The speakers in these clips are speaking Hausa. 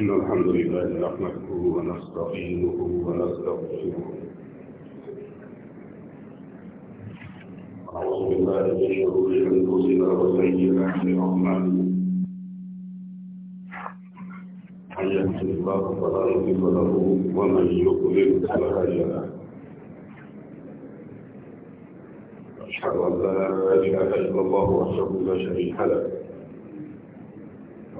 إن الحمد لله نحمده ونستعينه ونستغفره أعوذ بالله من شرور أنفسنا وسيئات أعمالنا من يهده الله فلا مضل له ومن يضلل فلا هادي له أشهد أن لا إله إلا الله وحده لا شريك له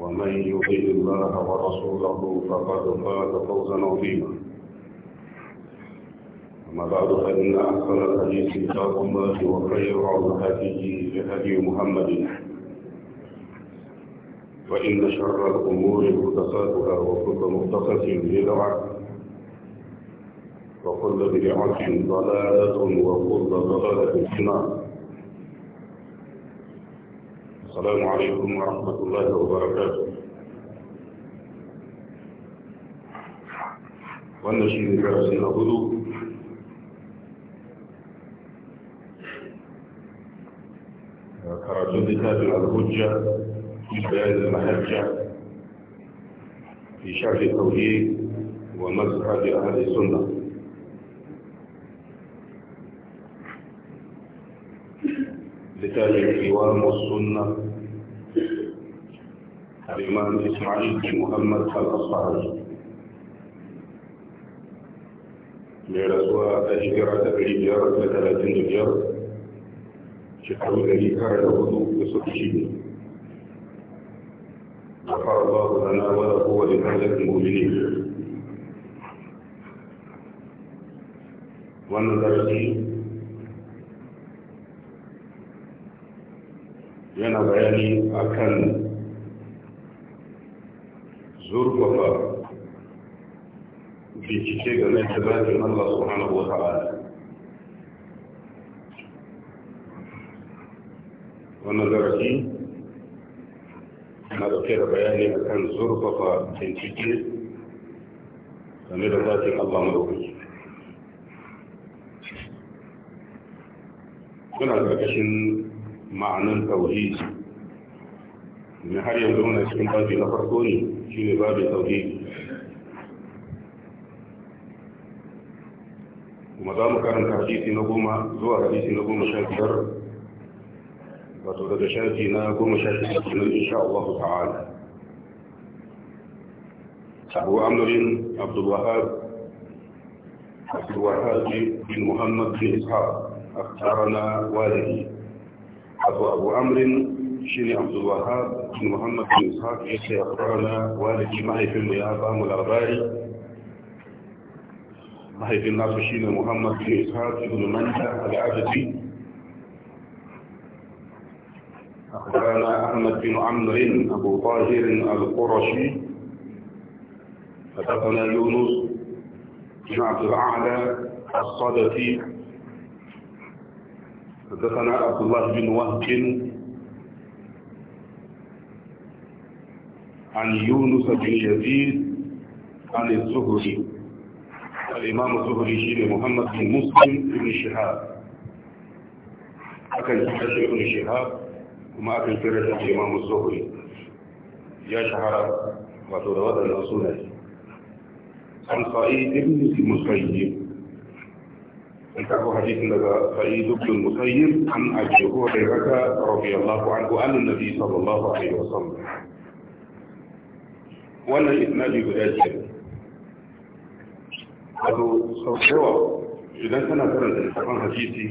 ومن يطيع الله ورسوله فقد فاز فوزا عظيما أما بعد فإن أحسن الحديث كتاب الله وخير الهدي لهدي محمد وإن شر الأمور محدثاتها وكل محدثة بدعة وكل بدعة ضلالة وكل ضلالة في النار السلام عليكم ورحمة الله وبركاته والنشيد الجرس الهدو كراجل ذكاب الحجة في بيان المحجة في شرح التوحيد ومزحة أهل السنة لتاج الكوام والسنه الإمام إسماعيل بن محمد الأصفهاني ميرا سوا تهجرة في جارة ثلاثين جارة شكرا لي كارد وضوء بسرشين غفر الله لنا وله ولعباد المؤمنين وانا درسي ينا بياني اكن زور وفاء في شيء من الثبات من الله سبحانه وتعالى ونظر في ما ذكر بيانه كان زور وفاء في شيء من الثبات من الله سبحانه وتعالى kuna ƙarƙashin ma'anin tauhid ne har yanzu muna cikin ɗauki في باب التوحيد وما دام كان حديثي نقوم زوا حديثي نقوم شاكر وتودد شاكي نقوم شاكر إن شاء الله تعالى أبو عمر عبد الوهاب عبد الوهاب بن محمد بن إسحاق أختارنا والدي أبو أبو عمر شيني عبد الوهاب بن محمد بن إسحاق يشي أخبرنا والدي معي في الميابام الأرباري معي في الناس شين محمد بن إسحاق بن منجة العبدي أخبرنا أحمد بن عمرو أبو طاهر القرشي أخبرنا يونس بن عبد الأعلى الصدفي حدثنا عبد الله بن وهب عن يونس بن يزيد عن الزهري الإمام الزهري شيخ محمد بن مسلم بن شهاب أكن كرش ابن شهاب وما أكن كرش الإمام الزهري يا شهر وتروض الرسول عن صعيد بن المسيب أنت حديث لدى صعيد بن المسيب عن أبي هريرة رضي الله عنه عن النبي صلى الله عليه وسلم wannan isnadi guda biyar wato sau cewa idan tana karanta littafin hadisi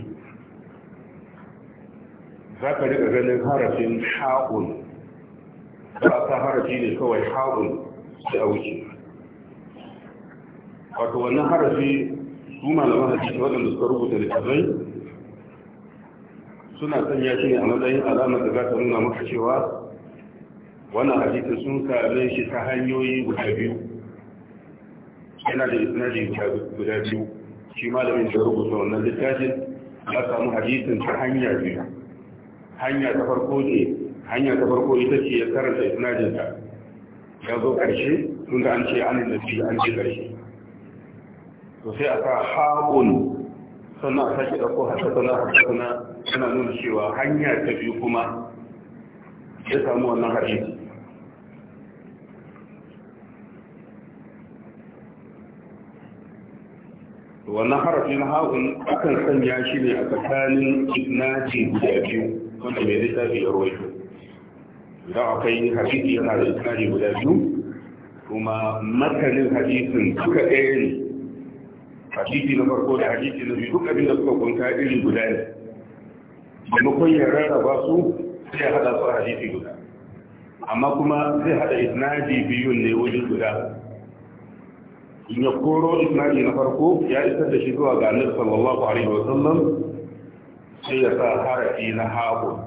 za ka riga ganin harafin ha'un ba a sa harafi ne kawai ha'un sai a wuce wato wannan harafi su malaman hadisi waɗanda suka rubuta littafai suna sanya shi ne a matsayin alamar da za ta nuna maka cewa wannan hadisi sun same shi ta hanyoyi guda biyu yana da isnadi guda biyu shi malamin da rubuta wannan littafin Na samu hadisin ta hanya biyu hanya ta farko ne hanya ta farko ita ce ya karanta isnadin ta ya zo karshe tun da an ce an da shi an ce karshe to sai a sa haƙun sannan a sake ɗauko hasasana hasasana yana nuna cewa hanya ta biyu kuma ya samu wannan hadisi wannan harafi na ha'un akan sanya shi ne a tsakanin naci guda biyu wanda mai littafi ya rawaito idan akwai hadisi yana da tsari guda biyu kuma matanin hadisin duka ɗaya ne hadisi na farko da hadisi na biyu duk abin da suka kunta iri guda ne maimakon ya rarraba su sai haɗa su a hadisi guda amma kuma zai haɗa isnadi biyun ne wajen guda يقولوا إسماعيل نفرقوا يا إستشهدوا قال صلى الله عليه وسلم سيتاهر إلى هابون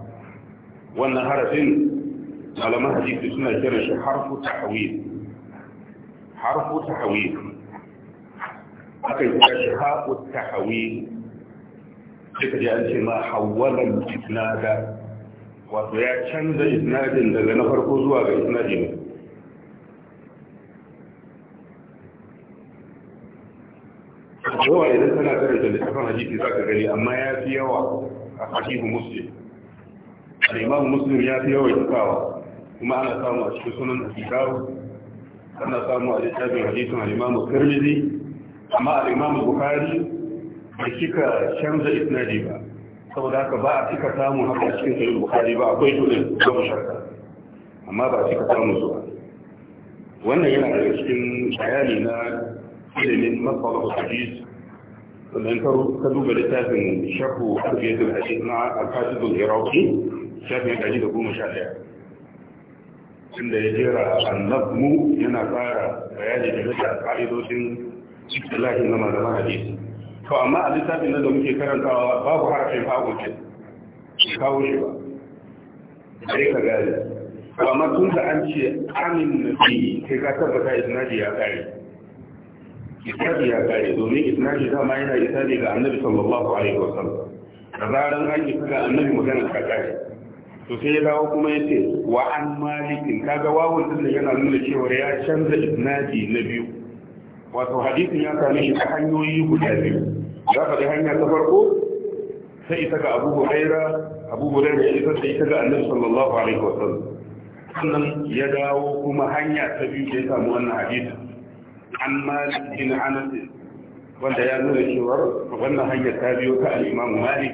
والنهر في على ما هذه تسمى جرش حرف تحويل حرف تحويل أكيد جرش حرف التحويل كيف جاء ما حول الإسناد وفي أشهد إسناد لنفرقوا زواج إسناد منه yawa idan kana karanta littafin hadisi za ka gani amma ya fi yawa a sahihu muslim al'imam muslim ya fi yawa kawa kuma ana samu a cikin sunan asikawu ana samu a littafin hadisin al'imam tirmidhi amma al'imam bukhari bai cika canza isnadi ba saboda haka ba a cika samu haka a cikin sahih bukhari ba akwai tudin babu shakka amma ba a cika samu zuwa wannan yana daga cikin bayani na ilimin masalah hadisi sannan ka duba littafin shafu alfiyatul hadith na alfatidul iraki shafin ɗari da goma sha daya. inda ya jera annabmu yana fara bayani da rika ƙa'idodin cikin na malaman hadith to amma a littafin da muke karantawa babu harafin fagocin kawo shi ba sai ka gane amma tun da an ce amin nabi kai ka tabbata isnadi ya kare isnadi ya kare domin isnadi zama yana ne ga annabi sallallahu alaihi wasallam da zaran an yi ga annabi magana ta kare to sai ya dawo kuma ya ce wa an malikin kaga wawun din da yana nuna cewa ya canza isnadi na biyu wato hadisin ya same shi ta hanyoyi guda biyu za ka hanya ta farko sai ita ga abu huraira abu huraira ya isa sai ita ga annabi sallallahu alaihi wasallam sannan ya dawo kuma hanya ta biyu da ya samu wannan hadisin an malik bin anas wanda ya nuna cewar wannan hanyar ta biyo ta al-imam malik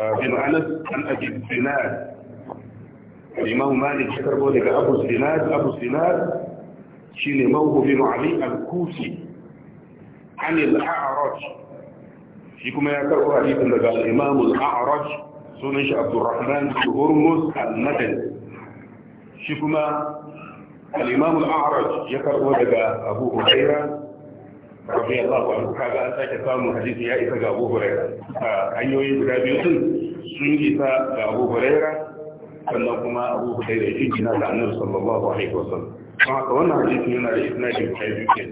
ah, bin anas an abi dinar al-imam malik ya karbo daga abu dinar abu dinar shine mawhu bin ali al-kufi an al-a'raj shi kuma ya karbo hadisin daga al-imam al-a'raj sunan shi abdurrahman bin hurmuz al-madani shi kuma al-imam al-a'raj ya karbo daga abu huraira radiyallahu anhu kaga an sake samun hadisi ya isa ga abu huraira hanyoyi guda biyu sun sun isa ga abu huraira sannan kuma abu huraira ya jingina da annabi wannan yana da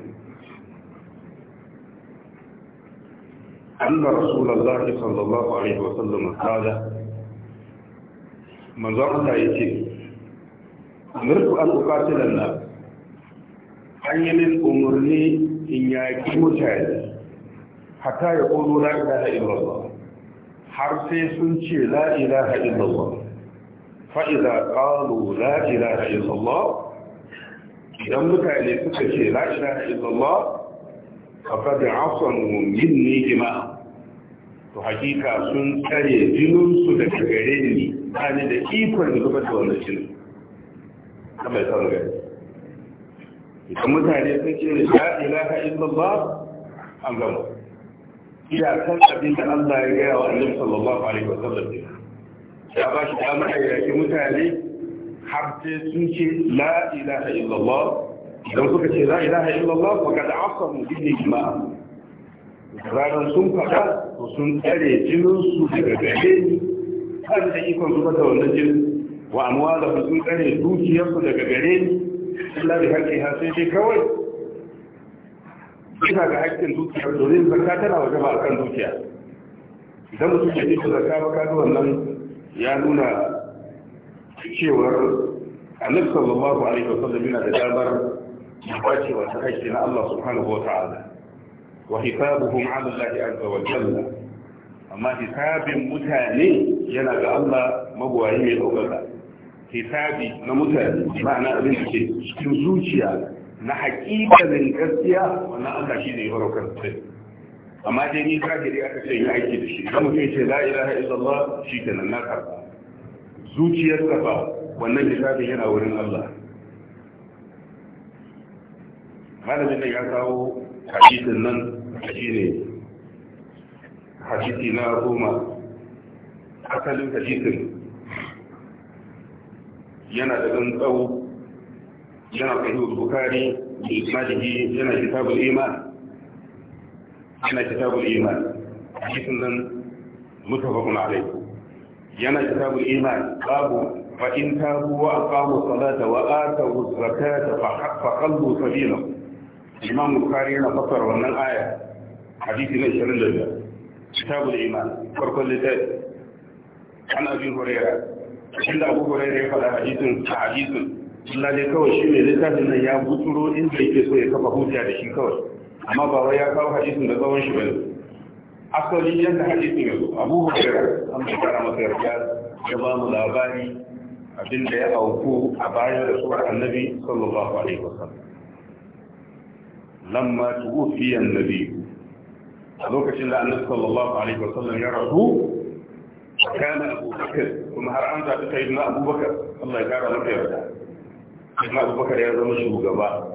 أن رسول الله صلى الله عليه وسلم قال من ظن يتيم amirtu an uqatilan nas an yi min umarni in yaƙi mutane hata ya ƙoro la ilaha illallah har sai sun ce la ilaha illallah Fa'iza ƙalu qalu la ilaha illallah idan mutane suka ce la ilaha illallah faqad asanu yin jama'a to hakika sun tsare jininsu daga gare ni ba ni da ikon da zubar da wannan jinin ta mai son gari idan mutane sun ce la ilaha illallah an gama iyakar abin da Allah ya gaya wa annabi sallallahu alaihi wasallam ne ya ba shi damar a yaki mutane har sai sun ce la ilaha illallah idan suka ce la ilaha illallah fa kad asamu bi ijma ranar sun faɗa to sun tsare jinin su daga gare ni har da ikon zuba da wannan jinin wa amwala sun tsare dukiyarsu daga gare ni illa bi ha sai dai kawai kika ga haƙƙin dukiyar domin zakka tana waje ba kan dukiya idan mutum ya ce zakka ba ka wannan ya nuna cewar annabi sallallahu alaihi wasallam yana da damar kwace wa ta haƙƙi na Allah subhanahu wa ta'ala wa hisabuhum 'ala Allah azza wa jalla amma hisabin mutane yana ga Allah magwayi mai ɗaukaka hisabi na mutane ma'ana abin da ke cikin zuciya na hakikalin gaskiya wannan Allah shi ne ya baro kan amma dai ni kafiri aka ce yi aiki da shi idan mutum ya ce la ilaha illallah shi kenan na naka. zuciyar ba wannan hisabin yana wurin Allah malamin da ya kawo hadisin nan shi ne hadisi na goma asalin hadisin yana da ɗan tsawo yana sahihul bukari da isnadihi yana kitabul iman yana kitabul iman cikin nan mutafaqun alai yana kitabul iman babu fa in tabu wa aqamu salata wa atu zakata fa qallu sabila imam bukari yana fassara wannan aya hadisi na 25 kitabul iman farkon littafi kana bi hurairah inda abu hurairah ya faɗa hadisin ta hadisin Allah dai kawai shi ne littafin nan ya buturo inda yake so ya kafa hujja da shi kawai amma ba wai ya kawo hadisin da tsawon shi bane asali yadda hadisin ya zo Abu Hurairah an fara masa yarda ya ba mu labari abinda ya auku a bayan suwar Annabi sallallahu alaihi wasallam lamma tuwfiya Annabi a lokacin da Annabi sallallahu alaihi wasallam ya rasu كان أبو بكر كما هر أنت سيدنا أبو بكر الله يكار لك يا سيدنا أبو بكر يا زمن شبه غبا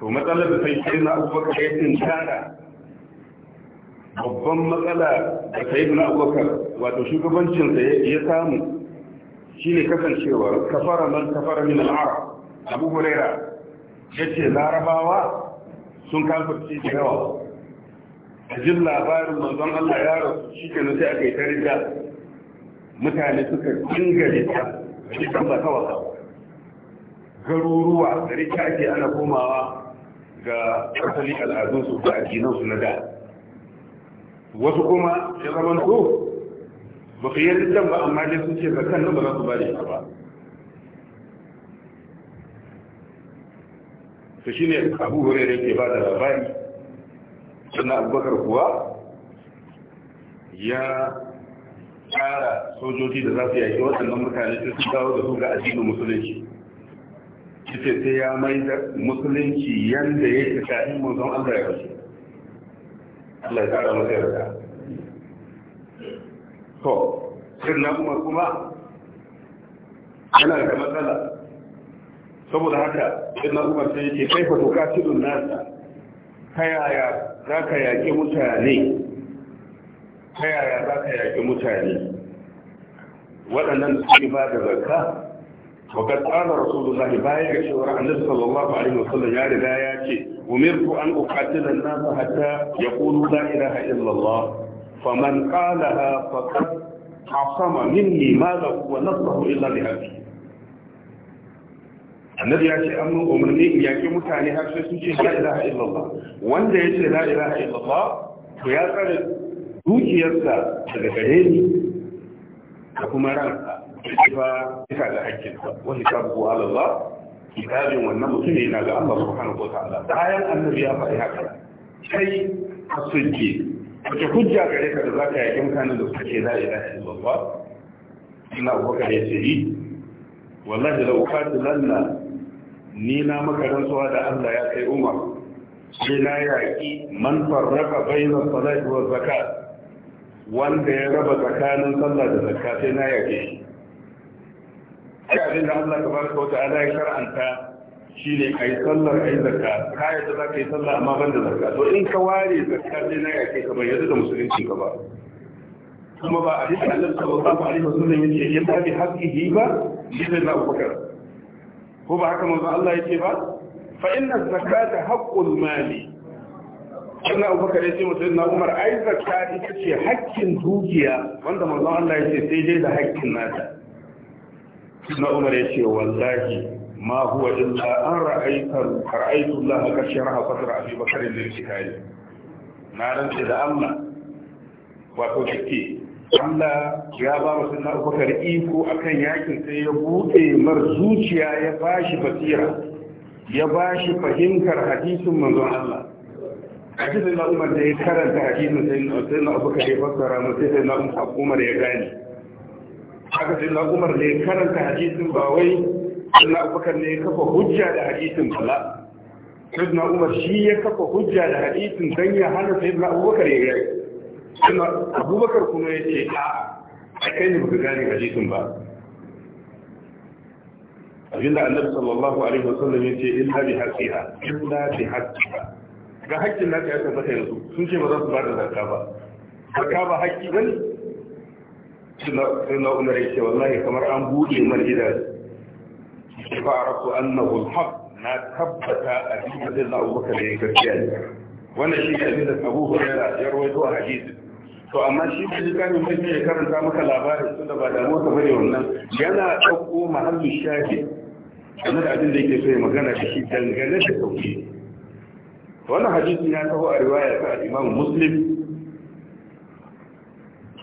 كما تلب سيدنا أبو بكر يا إنسانا ربما مقالا سيدنا أبو بكر واتشوك بنشن سيئتام شيني كسن شيوا كفر من كفر من العرب أبو بريرا يتشي زارباوا sun kafir ce da yawa أجل jin labarin manzon Allah ya rasu shi ke nuse a mutane suka gingare ta kan ba kawaka garuruwa gari ta ana komawa ga asali al'adunsu da su na da wasu kuma ya zama to ba su yi ba amma dai sun ce zakan nan ba za su bari da ba to shine abu hurairu ke ba da labari sannan abubakar kuwa ya tsara sojoji da za su yaki waɗannan mutane sai sun dawo da su ga addinin musulunci ita sai ya mai da musulunci ya ke kafin manzon Allah ya rasu Allah ya tsara masa yarda to sai na kuma kuma yana da matsala saboda haka sai na kuma sai yake fa to katilun nasa ta yaya za ka yaƙi mutane ta yaya za ka yaƙi mutane waɗannan suke ba da zakka wakar tsarar baya ga cewar annabi sallallahu alaihi wasallam ya riga ya ce an hatta la ilaha illallah faman qalaha faqad asama minni illa annabi ya ce an mun umarni in yaƙi mutane har sai ce la ilaha illallah wanda ya ce la ilaha illallah to ya tsare dukiyarsa daga gare ni da kuma ranka ba bisa ga hakkinsa wani sabu ko Allah kitabin wannan mutum yana ga Allah subhanahu ko ta'ala bayan annabi ya faɗi haka kai hasunki wata hujja gare ka da za ka yaƙi mutanen da suke la ilaha illallah ina abubakar ya ce yi eh, wallahi da lalla. ni na makarantuwa da Allah ya kai Umar sai na yaƙi man farraka bayna salati wa zakat wanda ya raba tsakanin sallah da zakka sai na yake shi ai abin da Allah tabaraka wa ta'ala ya shar'anta shine ai sallar ai zakka ka yadda za ka yi sallah amma ban da zakka to in ka ware zakka sai na yake ka bai yadda da musulunci ka ba kuma ba a cikin Allah sallallahu alaihi wasallam yace in ba bi haqqihi ba sai na Abubakar ko ba haka manzo Allah yake ba fa inna zakata haqqul mali sannan abubakar ya ce mutum na umar ai zakka ita ce hakkin dukiya wanda manzon Allah ya ce sai dai da hakkin nata na umar ya ce wallahi ma huwa illa an ra'aitu ra'aitu Allah ka shara fatar abi bakar da shikari na rance da Allah wato kike Allah ya ba mu sunna Abubakar iko akan yakin sai ya bude mar zuciya ya bashi basira ya bashi fahimtar hadisin manzon Allah hadisin na umar da ya karanta hadisin sai na abu ya fassara mu sai na umar ya gane haka sai na umar da ya karanta hadisin ba wai sai na abu ne ya kafa hujja da hadisin bala sai na umar shi ya kafa hujja da hadisin dan ya hana sai na abubakar ya gane sai na abubakar kuma ya ce a a kai ne baka gane hadisin ba abinda annabi sallallahu alaihi wasallam ya ce illa bi haqqiha illa bi haqqiha ga haƙƙin naka ya tabbata yanzu sun ce ba za su ba da zakka ba zakka ba haƙƙi bane sai na umar ya ce wallahi kamar an buɗe man gidan fa arafu annahu alhaq na tabbata a cikin da na abubakar da ya gaskiya ne wannan shi ne abin da abu hurairah ya rawaito a hadisi to amma shi da jikanin mai ya karanta maka labarin tun da ba damuwa ta bane wannan yana ɗauko mahallin shafi game da abin da yake so ya magana da shi dangane da sauƙi. wannan hadisi ya taho a riwaya ta al-Imam Muslim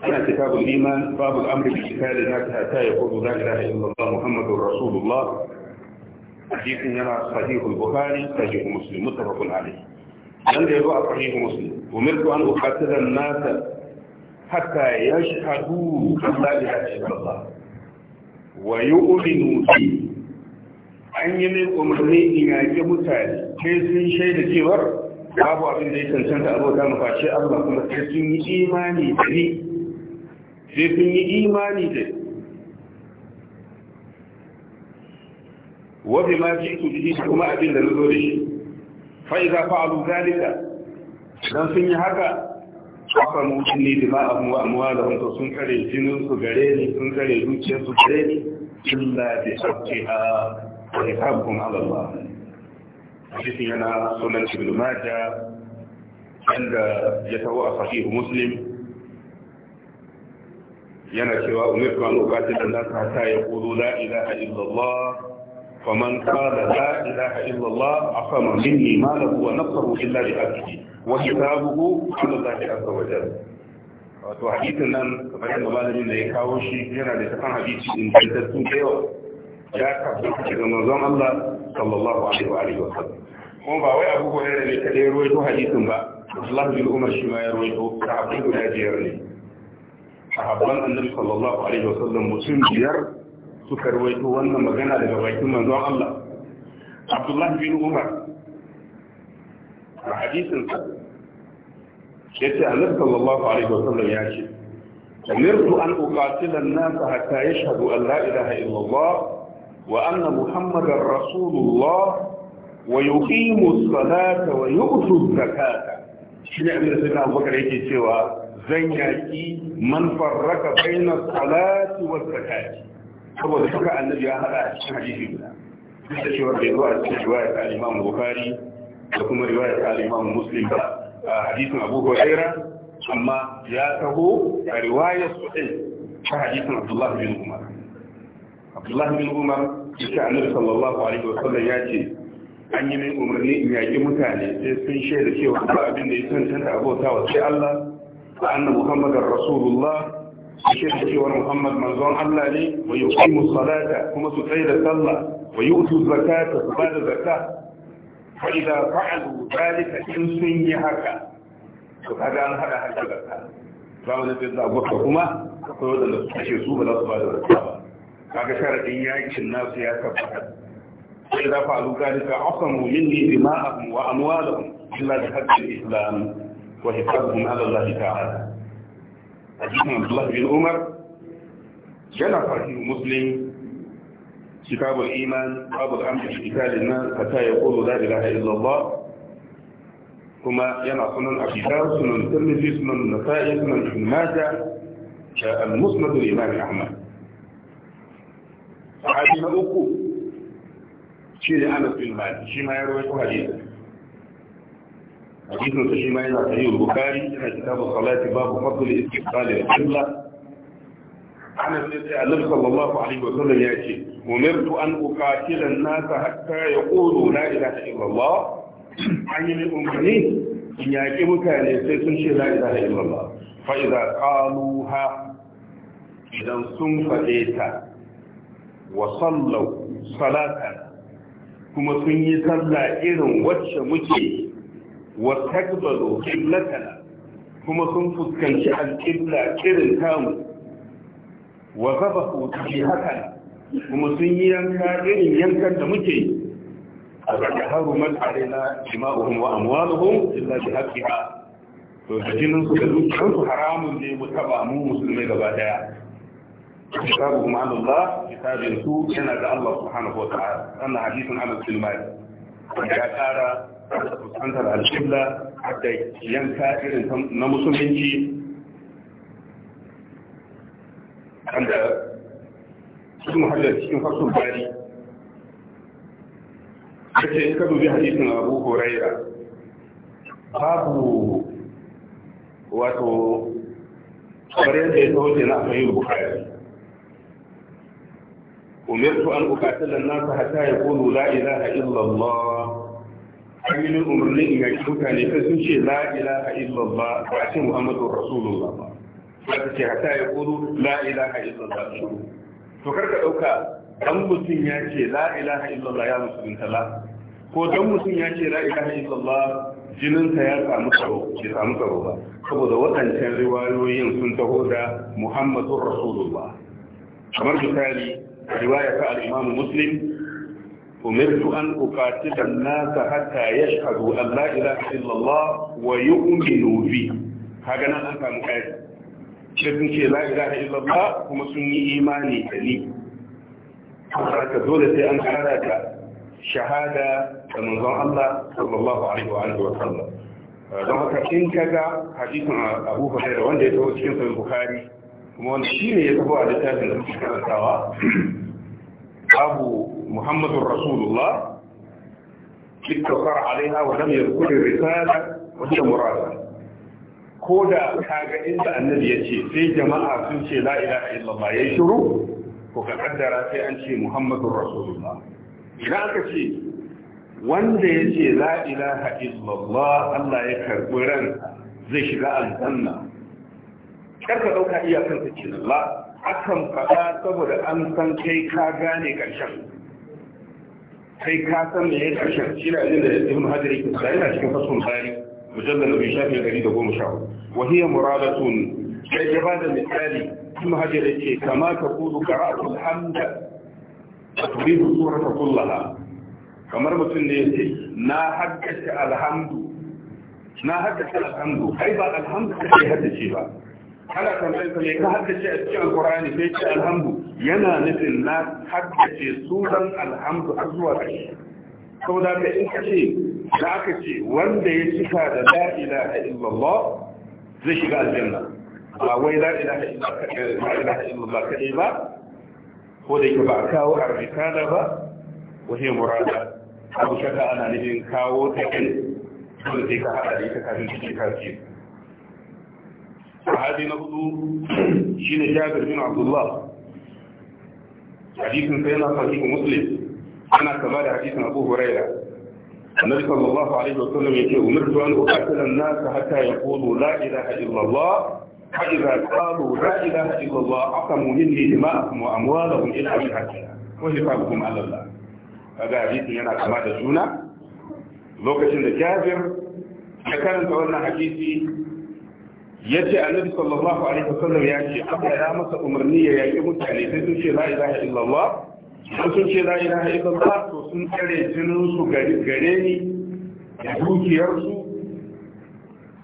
ana kitabul iman babu amri bi kitali na ta ta yaqulu da ilaha illallah Muhammadu rasulullah hadisin yana sahih al-Bukhari sahih Muslim muttafaqun alayh dan da ya yazo a sahih Muslim umirtu an uqatila an-nas hatta yashhadu an la ilaha illallah wa yu'minu bihi an yi mai umarni in yaƙi mutane sai sun shaida cewar babu abin da ya cancanta abota mu face Allah kuma sai sun yi imani da ni sai sun yi imani da ni wabi ma ji ku ji kuma abin da na zo da shi fa iza fa'alu zalika dan sun yi haka kafa mutum ne da ma'amu wa da to sun kare jinin su gare ni sun kare zuciyar su gare ni illa bi haqqiha وحسابكم على الله حديثي هنا سنة ابن ماجة عند يتوى صحيح مسلم ينا سوى أمرك أن أقاتل الناس حتى يقولوا لا إله إلا الله فمن قال لا إله إلا الله أقام مني ماله ونصره إلا لأجله وحسابه على الله عز وجل وحديثنا كما كان مبالغ يكاوشي هنا لتقن حديثي إن كنت تكون ya tabbata cikin manzon Allah sallallahu alaihi wa alihi wasallam kuma ba wai Abu Hurairah ne kadai ruwaito hadisin ba Abdullah bin Umar shi ma ya ruwaito sahabbai guda jiyar ne sahabban Annabi sallallahu alaihi wasallam mutum biyar suka ruwaito wannan magana daga bakin manzon Allah Abdullah bin Umar a hadisin sa yace Annabi sallallahu alaihi wasallam ya ce أمرت أن أقاتل الناس حتى يشهدوا أن لا إله إلا الله وأن محمدا رسول الله ويقيم الصلاة ويؤتي الزكاة شنو أمير سيدنا أبو بكر يجي سوى zan yaƙi man farraka bainar salati wa zakati saboda duka annabi ya hada a cikin hadisi guda duk da cewa bai a cikin riwaya ta al-Imam da kuma riwaya ta al-Imam a amma ya taho a riwaya ta hadisin Abdullah bin Umar abdullahi bin umar ya annabi sallallahu alaihi wa sallam ya ce an yi min umarni in yaƙi mutane sai sun shaida cewa ba abin da ya abota wa sai Allah da anna muhammadar rasulullah shaida cewa muhammad manzon Allah ne wa yuqimu salata kuma su tsaya da sallah wa yu'tu zakata su bada zakka fa idza fa'alu zalika in sun yi haka to kaga an hada zakka da kuma su kashe su ba za su zakka ba kaga sharadin yakin nasu ya tabbata sai za fa aluka da ka asamu minni dima'ahum wa amwalahum illa bi haqqi islam wa hifazuhum ala Allah ta'ala hadisin Abdullah bin Umar yana sahih Muslim كتاب الإيمان باب الأمر في قتال الناس حتى يقول لا إله إلا الله كما ينا سنن أبي داود سنن الترمذي سنن النسائي سنن ابن ماجه المسند الإمام أحمد sahabi na uku shi ne ana fi ma shi ma ya rawaito hadisi hadisin sa shi ma yana sahih bukhari yana kitabu salati babu fadl istiqbal wa qibla ana ne sai Allah sallallahu alaihi wa sallam ya ce umirtu an uqatila an-nas hatta yaqulu la ilaha Allah an yi umarni in yaƙi mutane sai sun ce la ilaha Allah fa idza ha idan sun faɗe ta wa sallau salatan kuma sun yi sallah irin wacce muke wa takbalu qiblatana kuma sun fuskanci al-qibla irin tamu wa zabahu hakan kuma sun yi yanka irin yankan da muke yi daga haruman arena jima'uhum wa amwaluhum illa bi haqqiha to da jinin su da dukkan su haramun ne mu taba mu musulmai gaba daya كتاب عن الله كتاب ينسو هنا الله سبحانه وتعالى أنا حديث عن السلمات يجعل أنت على الشبلة حتى ينكاتر نمس منجي عند كل محلل في فرص الباري حتى ينكدوا في حديث أبو هريرة باب واتو بريد يتوجه نعفه البخاري umirtu an uqatila an-nas hatta yaqulu la ilaha illa Allah ayyunin umarni in yaki mutane sai sun ce la ilaha illa Allah ba ce Muhammadu Rasulullah ba ce hatta yaqulu la ilaha dan mutum ya ce la ilaha ya musulunta la ko dan mutum ya ce la ilaha jininsa ya samu tsaro bai samu tsaro ba saboda waɗancan riwayoyin sun taho da muhammadun rasulullah kamar misali riwaya ta al-Imam Muslim أمرت أن أقاتل الناس حتى يشهدوا أن لا إله إلا الله ويؤمنوا بي هكذا أنت مقايد شركن شيء لا إله إلا الله هم سني إيماني لي حركة دولة أن حركة شهادة من الله صلى الله عليه وآله وسلم don haka in ka ga hadisin abu hurairah wanda ya taho cikin sahih bukhari kuma wanda shine ya taho a littafin da muke karantawa babu muhammadun rasulullah ittafar alaiha wa lam kudin risala wa hiya ko da ga inda annabi ya ce sai jama'a sun ce la ilaha illallah yayi shiru ko ka kaddara sai an ce muhammadur rasulullah idan aka ce wanda ya ce la ilaha illallah Allah ya karɓi ran zai shiga aljanna kar ka dauka iyakan ta ce la akan faɗa saboda an san kai ka gane ƙarshen kai ka san me ya ƙarshen shi na jin da ibn hajar yake sa yana cikin fasul bari da bi shafi 114 wa hiya muradatun sai ya da misali ibn hajar yake kama ta kudu qara'atu alhamda turidu surata kullaha kamar mutum ne yace na haddace alhamdu na haddace alhamdu kai ba alhamdu kake haddace ba ana tambayar sa ne ka haddace a cikin alqur'ani sai ce alhamdu yana nufin na haddace sunan alhamdu har zuwa ƙarshe saboda ka in ka ce da aka ce wanda ya cika da la ilaha illallah zai shiga aljanna ba wai la ilaha illallah kaɗai ba ko da yake ba a kawo arrikada ba wahiyar murada abu shaka ana nufin kawo ta ɗin dole sai ka haɗa da ita kafin cikin kafin sahabi na hudu shi ne jabir bin abdullah hadisin sai na sahi muslim ana kama da hadisin abu huraira annabi sallallahu alaihi wa sallam yake umirtu an uqatila an-nas hatta yaqulu la ilaha illallah fa idha qalu la ilaha illallah aqamu minni dima'akum wa amwalakum ila sabilillah wa hifadukum ala allah kaga hadisin yana kama da juna lokacin da jabir ya karanta wannan hadisi Ya yace annabi sallallahu alaihi Sallam ya ce Allah ya masa umarni ya yaki mutane sai sun ce la ilaha illallah sai sun ce la ilaha illallah to sun tsare jinin su gare ni da dukiyar su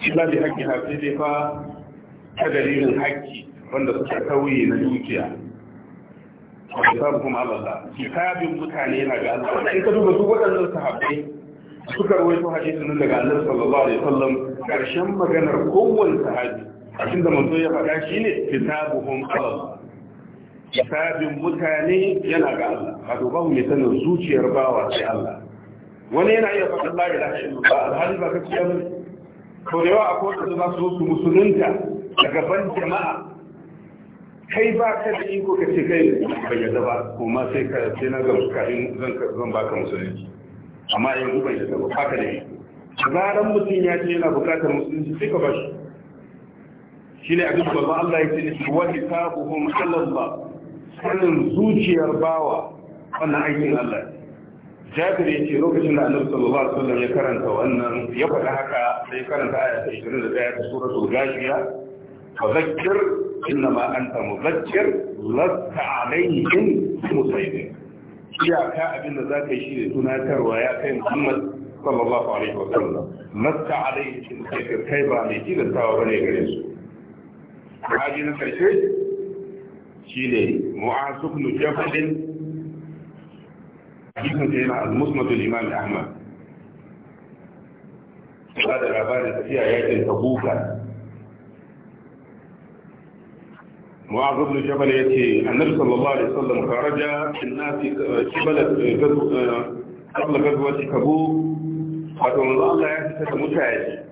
illa bi haqqi hafi dai fa ta dalilin haƙƙi wanda suka tauye na dukiya wa hisabuhum kuma Allah hisabin mutane yana ga Allah in ka duba duk waɗannan sahabbai suka rawaito hadisin nan daga Annabi sallallahu alaihi wa sallam. Karshen maganar kowane sahabi abin da manzo ya faɗa ne kitabuhum Allah kitabin mutane yana ga Allah wato babu mai sanin zuciyar bawa sai Allah wani yana iya faɗin la ilaha illallah alhali ba gaskiya bane to da yawa akwai wanda za su su musulunta daga ban jama'a kai ba ka da iko ka ce kai ya zaba ko ma sai ka sai na gamsu kafin zan zan baka musulunci amma yanzu ya zaba ba ka da iko da zaran mutum ya ce yana bukatar musulunci sai ka bashi shi ne abin da Allah ya ce da shi wani tabuhum Allah sanin zuciyar bawa wannan aikin Allah jabir ya ce lokacin da annabi sallallahu alaihi wasallam ya karanta wannan ya faɗa haka sai karanta aya ta 21 ta suratul gashiya fa zakkir inna ma anta muzakkir lasta alaihim musaydir iyaka abin da zaka yi shine tunatarwa ya kai Muhammad صلى الله عليه وسلم مس عليه في الخير كيبا لجيل التاوى بني حاجي نفسي شيني معاذ بن جبل حديث سيدنا المسند الإمام أحمد هذا العبارة في آيات تبوكا معاذ بن جبل يأتي النبي صلى الله عليه وسلم خرج في الناس قبل غزوة كبوك wato manzo Allah ya fitar da mutane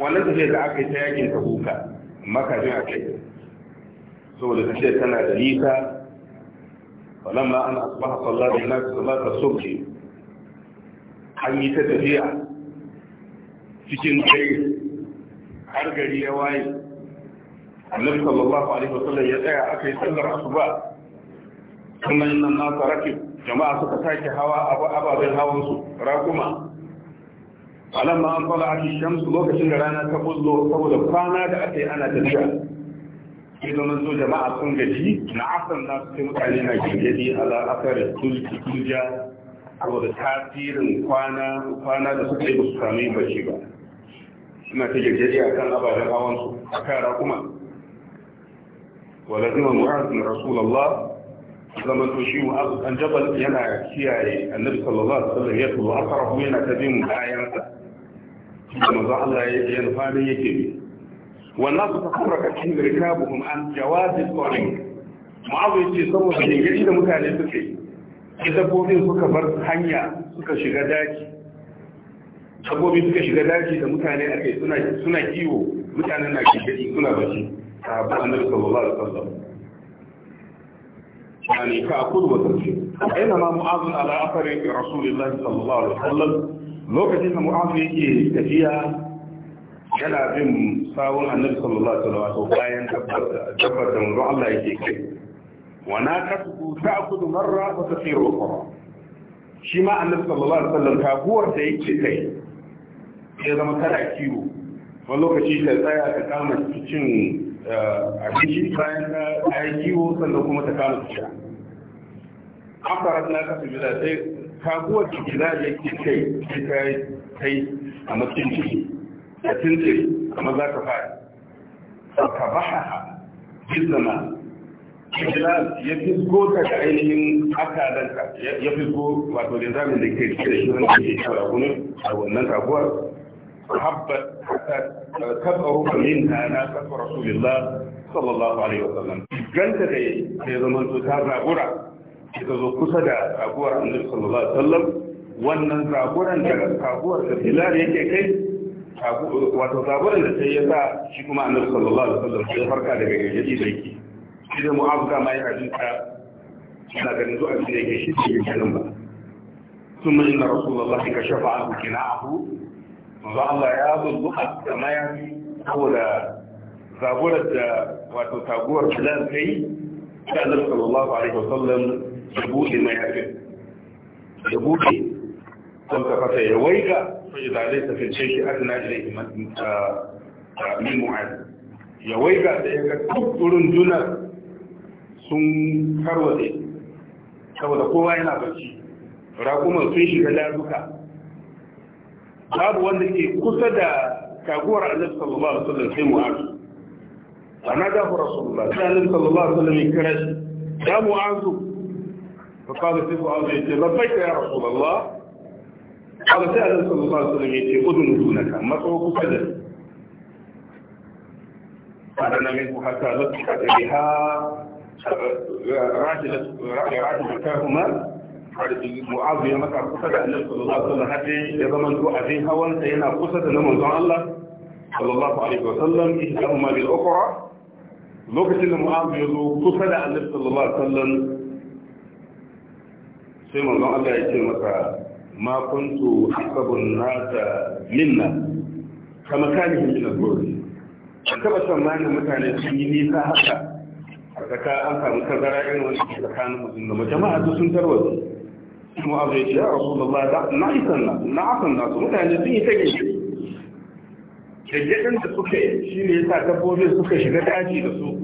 wannan tafiyar da aka yi ta yakin ta huka makafin a kai saboda tafiyar tana da nisa ma an asbaha sallallahu alaihi wasallam salata subhi an yi ta tafiya cikin dare har gari ya waye annabi sallallahu alaihi wasallam ya tsaya aka yi sallar asuba kuma inna nasa rakib jama'a suka sake hawa ababen hawansu rakuma فلما طلعت الشمس وقت رانا تبض تبض فانا دعتي انا تنشا إذا من زوجة مع صنجتي نعصر ناس كنت علينا جنجتي على أثر تلك تلجة أو تاثير وفانا وفانا تسكي بسرامي بشيبا ما تجي جدي كان أبا جغوان أكار أكما ولكن المعرض من رسول الله إذا من تشيو أن جبل ينا كيائي النبي صلى الله عليه وسلم يطلع أثره من أكاديم آياته da manzo Allah ya yi alfarin yake bi wannan su tafarraka cikin rikabuhum an jawazil qawlin ma'azu ce saboda gingiri da mutane suke yi dabbobin suka bar hanya suka shiga daji dabbobi suka shiga daji da mutane a kai suna kiwo mutane na gingiri suna bashi a abu annabi sallallahu alaihi wasallam yani ka akul wa tarshi aina ma mu'azun ala athari rasulillahi sallallahu alaihi wasallam lokacin da mu'amu yake tafiya yana bin sabon annabi sallallahu alaihi wasallam bayan tabbar da manzo Allah yake kai wa na kasbu ta'khudhu marra wa tasiru ukhra shi ma annabi sallallahu alaihi wasallam taguwar da yake kai ya zama kada kiwo wani lokaci ta tsaya ta kama cikin eh, abinci bayan ta yi kiwo sannan kuma ta kama cin afarat na kasu bila sai kaguwar ciki za a yake kai sai ka yi kai a matsayin ciki a tuntiri kamar za ka fara ka baha bizama Islam ya fisgo ta da ainihin akalanka ya fisgo wato da zamin da ke rike da shi wanda ke shara kuma a wannan kaguwar habbat kasaru kamin na na kasar rasulullah sallallahu alaihi wasallam ganta da ya zama ta zabura suka zo kusa da kaguwar annabi sallallahu alaihi wasallam wannan zaburan da kaguwar da hilal yake kai wato zaburan da sai ya sa shi kuma annabi sallallahu alaihi wasallam sai farka daga gajeji da yake shi da mu'abda ma ya hadisa ina ganin zuwa shi da yake shi da yake nan ba ثم إن رسول الله كشف عنه كناعه وظل يابل لقد كما يعني أول zaburar da wato taguwar filan kai da annabi sallallahu alaihi wasallam ya buɗe mayafin ya buɗe don ka fasa ya waiga sai da zai tafince shi adana ilaihi min mu'ad ya waiga da ya ga duk wurin dunar sun karwace saboda kowa yana barci raƙumar sun shiga dazuka babu wanda ke kusa da taguwar annabi sallallahu alaihi wasallam sai mu'azu ana da rasulullah sai annabi sallallahu alaihi wasallam ya kira shi ya mu'azu فقال سيد الله عليه لبيك يا رسول الله قال سأل صلى الله عليه وسلم يتي أذن دونك مطعوك فجر قال أنا منه حتى لبحت بها راجل راجل كاهما معاذ يا مكر قصد أن صلى الله عليه وسلم حتى يضمن دوء فيها وانتينا قصد أن صلى الله عليه وسلم إهدهما بالأخرى لوكس المعاذ يضو قصد صلى الله عليه وسلم sai manzon Allah ya ce masa ma kuntu hasabun nasa minna kama kanihi min al-gori taba tsammanin mutane sun yi nisa haka a tsaka an samu kazara irin wani ke tsakanin mutum da jama'a su sun tarwata kuma abu ya ce ya rasu da ba na isan na na asan mutane sun yi ta gefe gaggadin da suka yi shi ne ya sa dabbobin suka shiga daji da su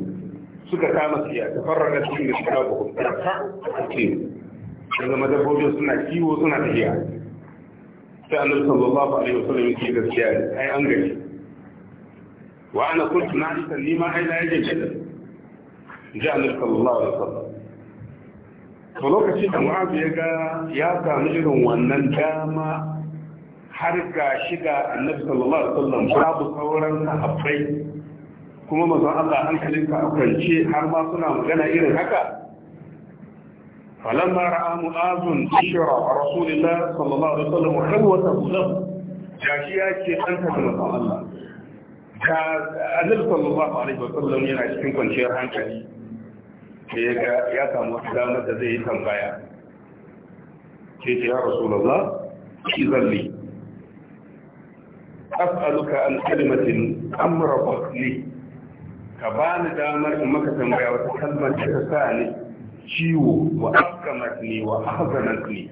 suka kama siya ta farraga cikin da shiga ba hukunta ta ce daga zama suna kiwo suna tafiya sai annabi sallallahu alaihi wasallam yake gaskiya ai an gani wa ana kuntu na isa ni ma ai na yake gidan ji annabi sallallahu alaihi wasallam to lokacin da mu'azu ya ga ya samu irin wannan dama har ga shiga annabi sallallahu alaihi wasallam babu sauran sahabbai kuma mazan Allah hankalinka a kwance har ma suna magana irin haka فلما رأى معاذ بشرى رسول الله صلى الله عليه وسلم وخلوته له جاشيا كي أنت من الله النبي صلى الله عليه وسلم yana cikin kwanciyar hankali sai ya ga ya damar da zai yi tambaya sai ce ya rasulullah ki zalli as'aluka an kalimatin amrabak li ka bani damar in maka tambaya wata kalmar da ta sa ni ciwo wa أسكمتني وأحزنتني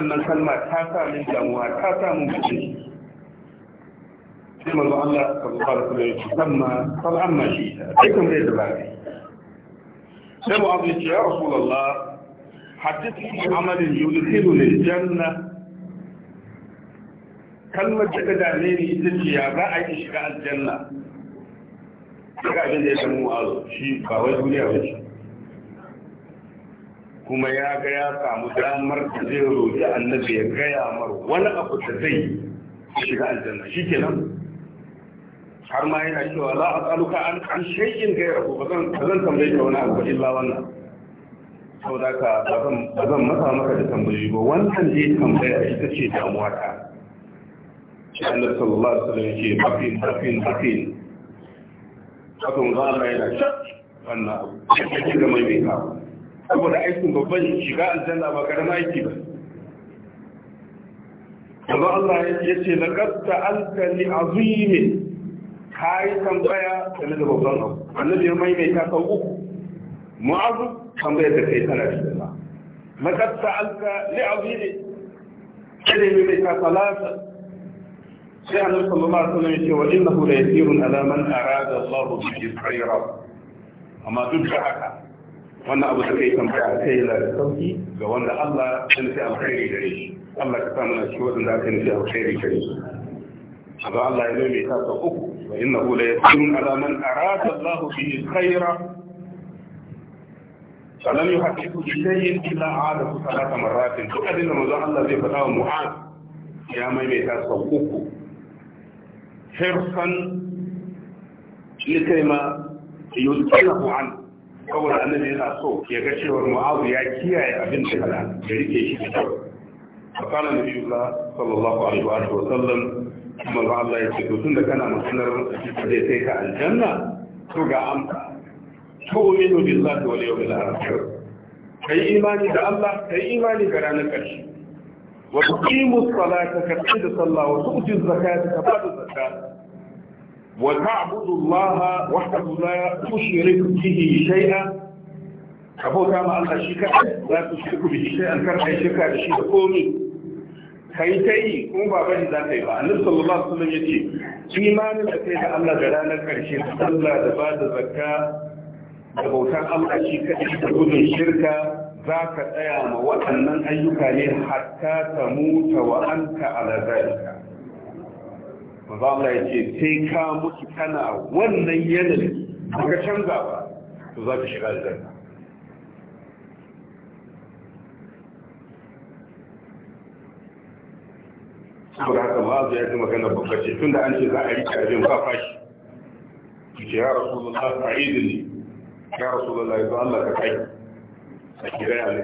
أن سلمى تاسع من جموع تاسع من جميع كما الله صلى الله عليه وسلم سمى صلى الله عليه وسلم أيكم ليس بعدي سيبو يا رسول الله حدثني عمل يدخل للجنة كلمة جدا ميري تجي يا رأي إشكال الجنة كيف أبن يسمو الله شيء فاوز بني أبن شيء kuma ya ga ya samu damar da zai roƙi annabi ya gaya mar wani abu da zai shiga aljanna nan. har ma yana cewa la asaluka an an shay'in gairu ba zan ba zan tambayi ka wani abu illa wannan da ka ba zan masa maka da tambayi ba wannan dai tambaya ita ce damuwa ta shi Allah sallallahu alaihi wasallam yake bafin bafin bafin za a yana shak wannan abu shi mai kawo saboda aikin babban shiga aljanna ba karamin aiki ba yanzu Allah ya ce na gasta alkali ne, ka yi tambaya game da babban abu annabi ya ta sau uku mu'azu tambayar da kai tana da Allah na gasta alkali azimi kada yi mai ta salasa sai annabi sallallahu alaihi wasallam ya ce wa innahu la yasirun ala man arada Allah bi khaira amma duk da haka wannan abu da kai tambaya a kai yana da sauki ga wanda Allah ya nufi alkhairi gare shi Allah ka samu na shi wadanda aka nufi alkhairi gare shi amma Allah ya nome ta sau uku wa innahu la yasirun ala man arada Allah bihi khaira فلم يحققه بشيء الا عاده ثلاث مرات duk abin da manzon Allah zai faɗa wa Mu'az ya maimaita sau uku hirsan لكي ما يذكره عنه saboda annabi yana so ya ga cewa mu'azu ya kiyaye abin da kana ya rike shi da kyau fakala nabiyullah sallallahu alaihi wa sallam kuma ba Allah ya ce to tunda kana maganar da sai ka aljanna to ga amsa to uminu billahi wal yawmil akhir kai imani da Allah kai imani ga ranar ƙarshe wa tuqimu salata ka tsaya da sallah wa tu'ti zakata ka bada zakata وتعبد الله وحده لا تشرك به شيئا abota ma Allah shi kaɗai za su shirku bihi sai an karɓa shirka da shi da komi kai ta yi kuma ba bari za ka yi ba annabi sallallahu alaihi wasallam yace imanin da kai da Allah da ranar karshe sallah da ba da zakka da bautar Allah shi kaɗai da gudun shirka za ka tsaya ma waɗannan ayyuka ne hatta ta muta wa anta ala zalika manzo Allah ya ce sai ka mutu kana wannan yanayi baka canza ba to za ka shiga aljanna saboda haka ba zai yi magana babba ce tunda an ce za a rike abin ba fashi ce ya rasulullah fa'idu ne ya rasulullah ya zo Allah ka kai a kira ya ne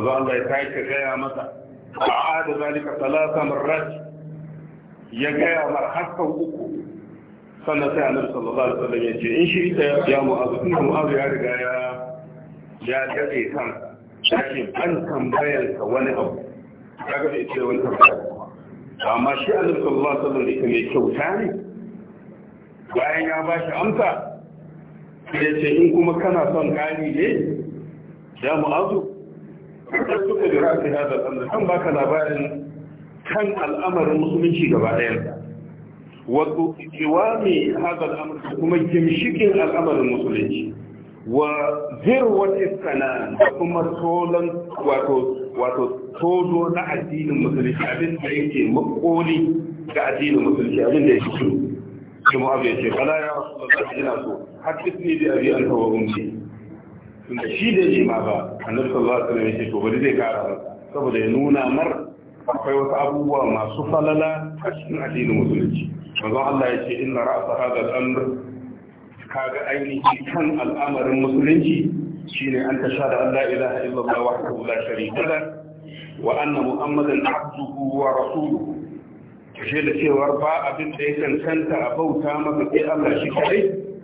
zo Allah ya kai ka gaya masa a ada zalika talata marrat ya gaya mar hakan uku sannan sai annabi sallallahu alaihi wasallam ya ce in shi ya mu'azu tun mu'azu ya riga ya ya dade kan shi ka wani abu kaga bai ce wani tambaya amma shi annabi sallallahu alaihi wasallam ita mai kyauta ne bayan ya ba shi amsa ya ce in kuma kana son kani ne ya mu'azu kan suka da rafi hada tsanzu kan baka labarin kan al'amarin musulunci gaba ɗayan wato kiwami haɗa al'amar kuma gimshikin al'amarin musulunci wa zirwar iskana da kuma tolon wato wato todo na addinin musulunci abin da yake makoli ga addinin musulunci abin da yake shiru shi mu abu ya ce kala ya rasu da ina so har isni da abi an hawa umci da shi da yi ma ba annabi sallallahu alaihi wasallam yake to bari zai kara masa saboda ya nuna mar akwai wasu abubuwa masu falala a cikin addinin musulunci manzo Allah ya ce inna ra'sa hadha al-amr kaga ainihi kan al'amarin musulunci shine an tashhadu Allah la ilaha illallah wahdahu la sharika la wa anna muhammadan abduhu wa rasuluhu kashe da cewar ba abin da ya cancanta a bauta masa sai Allah shi kai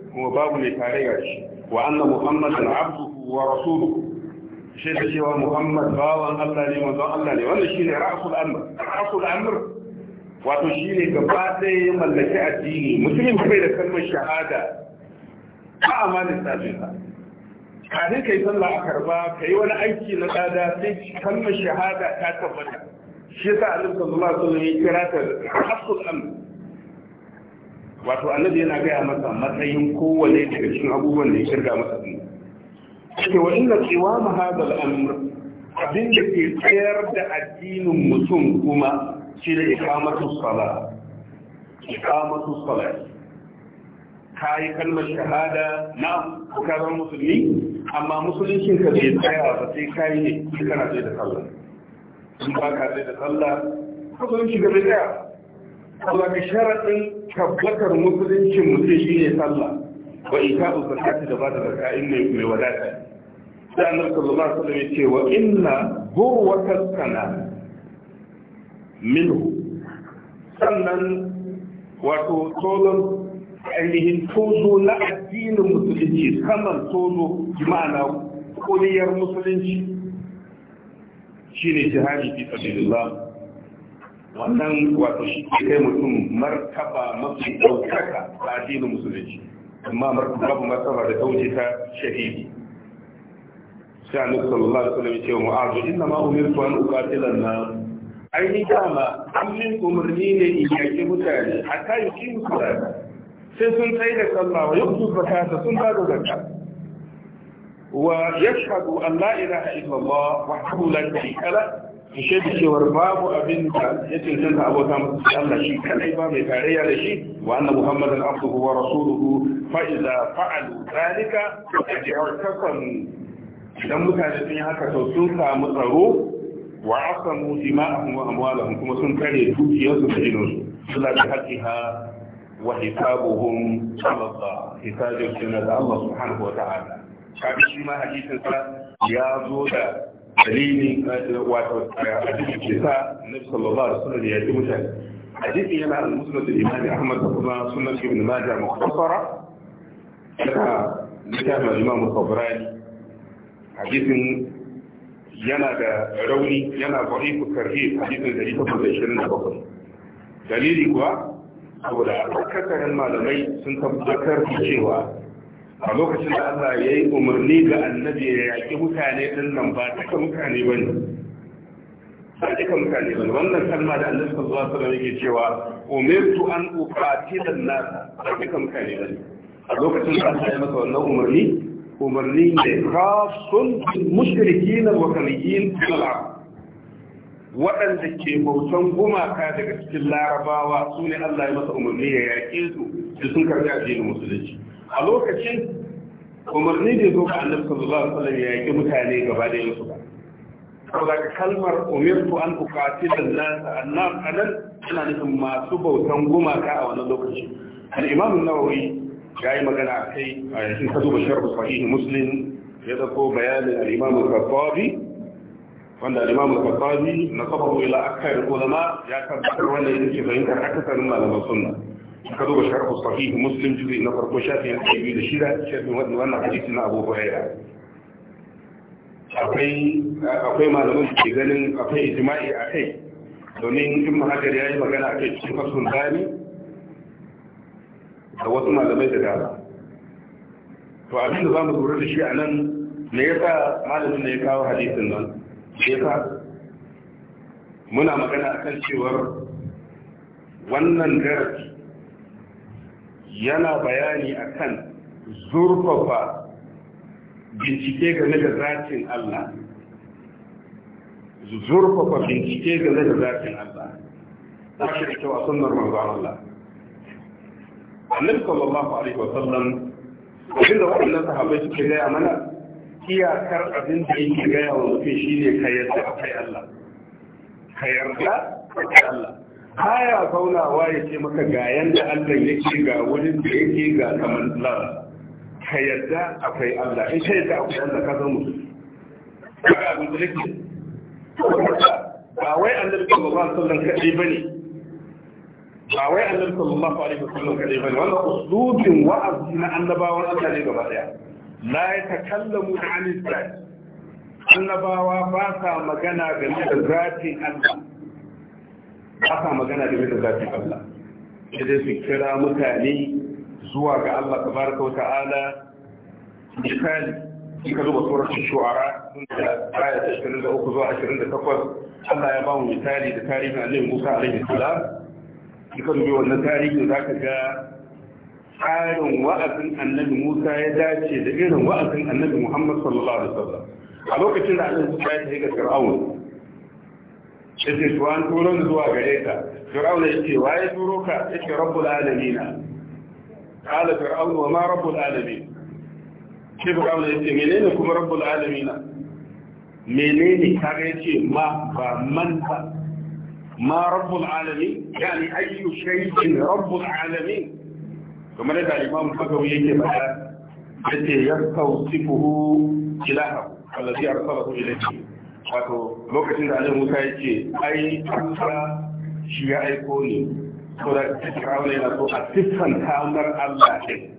kuma babu mai tarayya shi wa anna muhammadan abduhu Wa ورسوله shi da cewa Muhammad bawan Allah ne manzon Allah ne wannan shine ra'sul amr ra'sul amr wato shine gaba ɗaya ya mallaki addini musulmin bai da kalmar shahada ba amanin tsafinsa kafin yi sallah a karba ka yi wani aiki na tsada sai kalmar shahada ta tabbata shi yasa annabi sallallahu alaihi wasallam ya kira ta ra'sul amr wato annabi yana gaya masa matsayin kowanne daga cikin abubuwan da ya shirga masa ce wa inna qiwam hadha al-amr abin da ke tsayar da addinin mutum kuma shi da iqamatu sala tsala. sala kai kalmar shahada na bukatar ka musulmi amma musulunci ka bai tsaya ba sai kai ne kana tsaye da sallah in ba ka tsaye da sallah musulunci ga bai tsaya Allah ka sharaɗin tabbatar musulunci mutum shi ne sallah wa ita uzakati da ba da zaka'in mai wadatar sai annabi sallallahu alaihi wasallam yace wa inna burwatal kalam minhu sannan wato tolon ainihin tozo na addinin musulunci saman tozo ma'ana kuliyar musulunci shine jihadi fi sabilillah wannan wato shi ke kai mutum martaba mafi ɗaukaka a addinin musulunci amma martaba martaba da ta wuce ta shahidi sai annabi sallallahu alaihi wasallam ya ce wa mu'azu inna ma umirtu an uqatila an ai ni dama an min umarni ne in yaki mutane hatta yuqimu salata sai sun sai da sallah wa yuqtu zakata sun ba da zakat wa yashhadu an la ilaha illallah wahdahu la sharika la in shaida cewar babu abin da ya cancanta abota masu Allah shi kadai ba mai tarayya da shi wa anna muhammadan abduhu wa rasuluhu fa idza fa'alu dhalika fa idan mutane sun yi haka to sun samu tsaro wa asamu dima'ahum wa amwalahum kuma sun kare dukiyarsu da jininsu illa bi haqqiha wa hisabuhum ala Allah hisabun sunan Allah subhanahu wa ta'ala kaga shi ma hadisin sa ya zo da dalili wato hadisi ke sa Annabi sallallahu alaihi wasallam ya ji mutane hadisi yana al-musnad al-imam Ahmad da kuma sunan Ibn Majah mukhtasara da kitab imam al-Tabrani hadisin yana da rauni yana ku karfi hadisin da ita da ishirin da bakwai dalili kuwa saboda akasarin malamai sun tabbatar da cewa a lokacin da Allah ya yi umarni ga annabi ya yaƙi mutane ɗin nan ba duka mutane ba ne ba duka mutane ba ne wannan kalma da annabi sallallahu alaihi wasallam yake cewa umirtu an uqatila an-nas ba duka mutane ba ne a lokacin da Allah ya masa wannan umarni umarni ne khasun mushrikin al-wakaliyyin waɗanda ke bautan gumaka daga cikin larabawa su ne Allah ya masa umarni ya yaƙe su da sun karɓi addinin musulunci a lokacin umarni da zo ga annabi sallallahu alaihi wasallam ya yaƙi mutane gaba da yansu ba saboda kalmar umirtu an uqatila an-nas an-nas anan yana nufin masu bautan gumaka a wannan lokaci al-imam an-nawawi ya yi magana a kai a yakin ka duba sharhu sahihi muslim ya dauko bayanin al-imam al-khattabi wanda al-imam al-khattabi nasabahu ila akthar ulama ya tabbatar wannan yake ce bayin karakatar malaman sunna ka duba sharhu sahihi muslim juz'i na farko shafin 26 shafin wannan hadisi na Abu Hurairah akwai malamin da ke ganin akwai ijma'i a kai domin in mahajar ya yi magana a kai cikin fasun bari da wasu malamai da dama to abin da za mu lura da shi a nan me yasa malamin na ya kawo hadisin nan me yasa muna magana akan cewar wannan darasi yana bayani akan zurfafa bincike game da zatin Allah zurfafa bincike game da zatin Allah ba shi kyau a sunnar manzon Allah annabi sallallahu alaihi wa sallam abin da waɗannan sahabbai suke gaya mana iyakar abin da yake gaya wa mutum shine ka yarda akai Allah ka yarda akai Allah baya zaunawa ya ce maka ga yanda Allah yake ga wurin da yake ga kaman Allah ka yarda akwai Allah in ka yarda akwai Allah ka zama ka ga abin da yake ba wai annabi sallallahu alaihi wa sallam ba ne. ba wai annabi sallallahu alaihi wasallam kadai bane wannan uslubin wa'azi na annabawan Allah ne gaba daya la yatakallamu an al-zat annabawa ba sa magana game da zatin Allah ba sa magana game da zatin Allah sai dai su kira mutane zuwa ga Allah tabaraka wa ta'ala misali in ka zuba surar shu'ara da aya 23 zuwa 28 Allah ya ba mu misali da tarihin Annabi Musa alaihi salam duka bi wannan tarihi za ka ga tsarin wa'azin annabi musa ya dace da irin wa'azin annabi muhammad sallallahu alaihi wasallam a lokacin da annabi musa ya tafi ga fir'aun ya ce to an turo ni zuwa gare ka fir'aun ya ce waye turo ka ya ce rabbul alamin qala fir'aun wa ma rabbul alamin sai fir'aun ya ce menene kuma rabbul alamin menene kaga ya ce ma ba man ba ما رب العالمين يعني أي شيء رب العالمين كما لدى الإمام الفقوي يجب التي يستوصفه إلهه الذي أرسله إليه wato lokacin da Annabi Musa ya ce ai Allah shi ya aiko ni So da Fir'auna yana so a siffan tamar Allah ne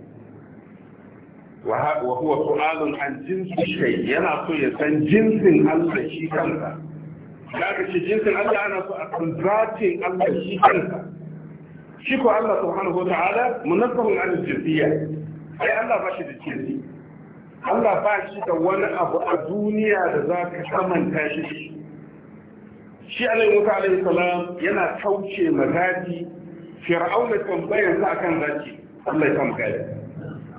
wa huwa su'alun an jinsi shai yana so ya san jinsin Allah shi kansa da aka ce jinsin Allah ana so a kontratin Allah shi kansa shi ko Allah subhanahu wa ta'ala munazzahun an jinsiyya ai Allah ba shi da jinsi Allah ba shi da wani abu a duniya da za ka kamanta shi shi alai musa alaihi salam yana kauce ma zafi fir'auna tambayar sa akan zaki Allah ya tambaya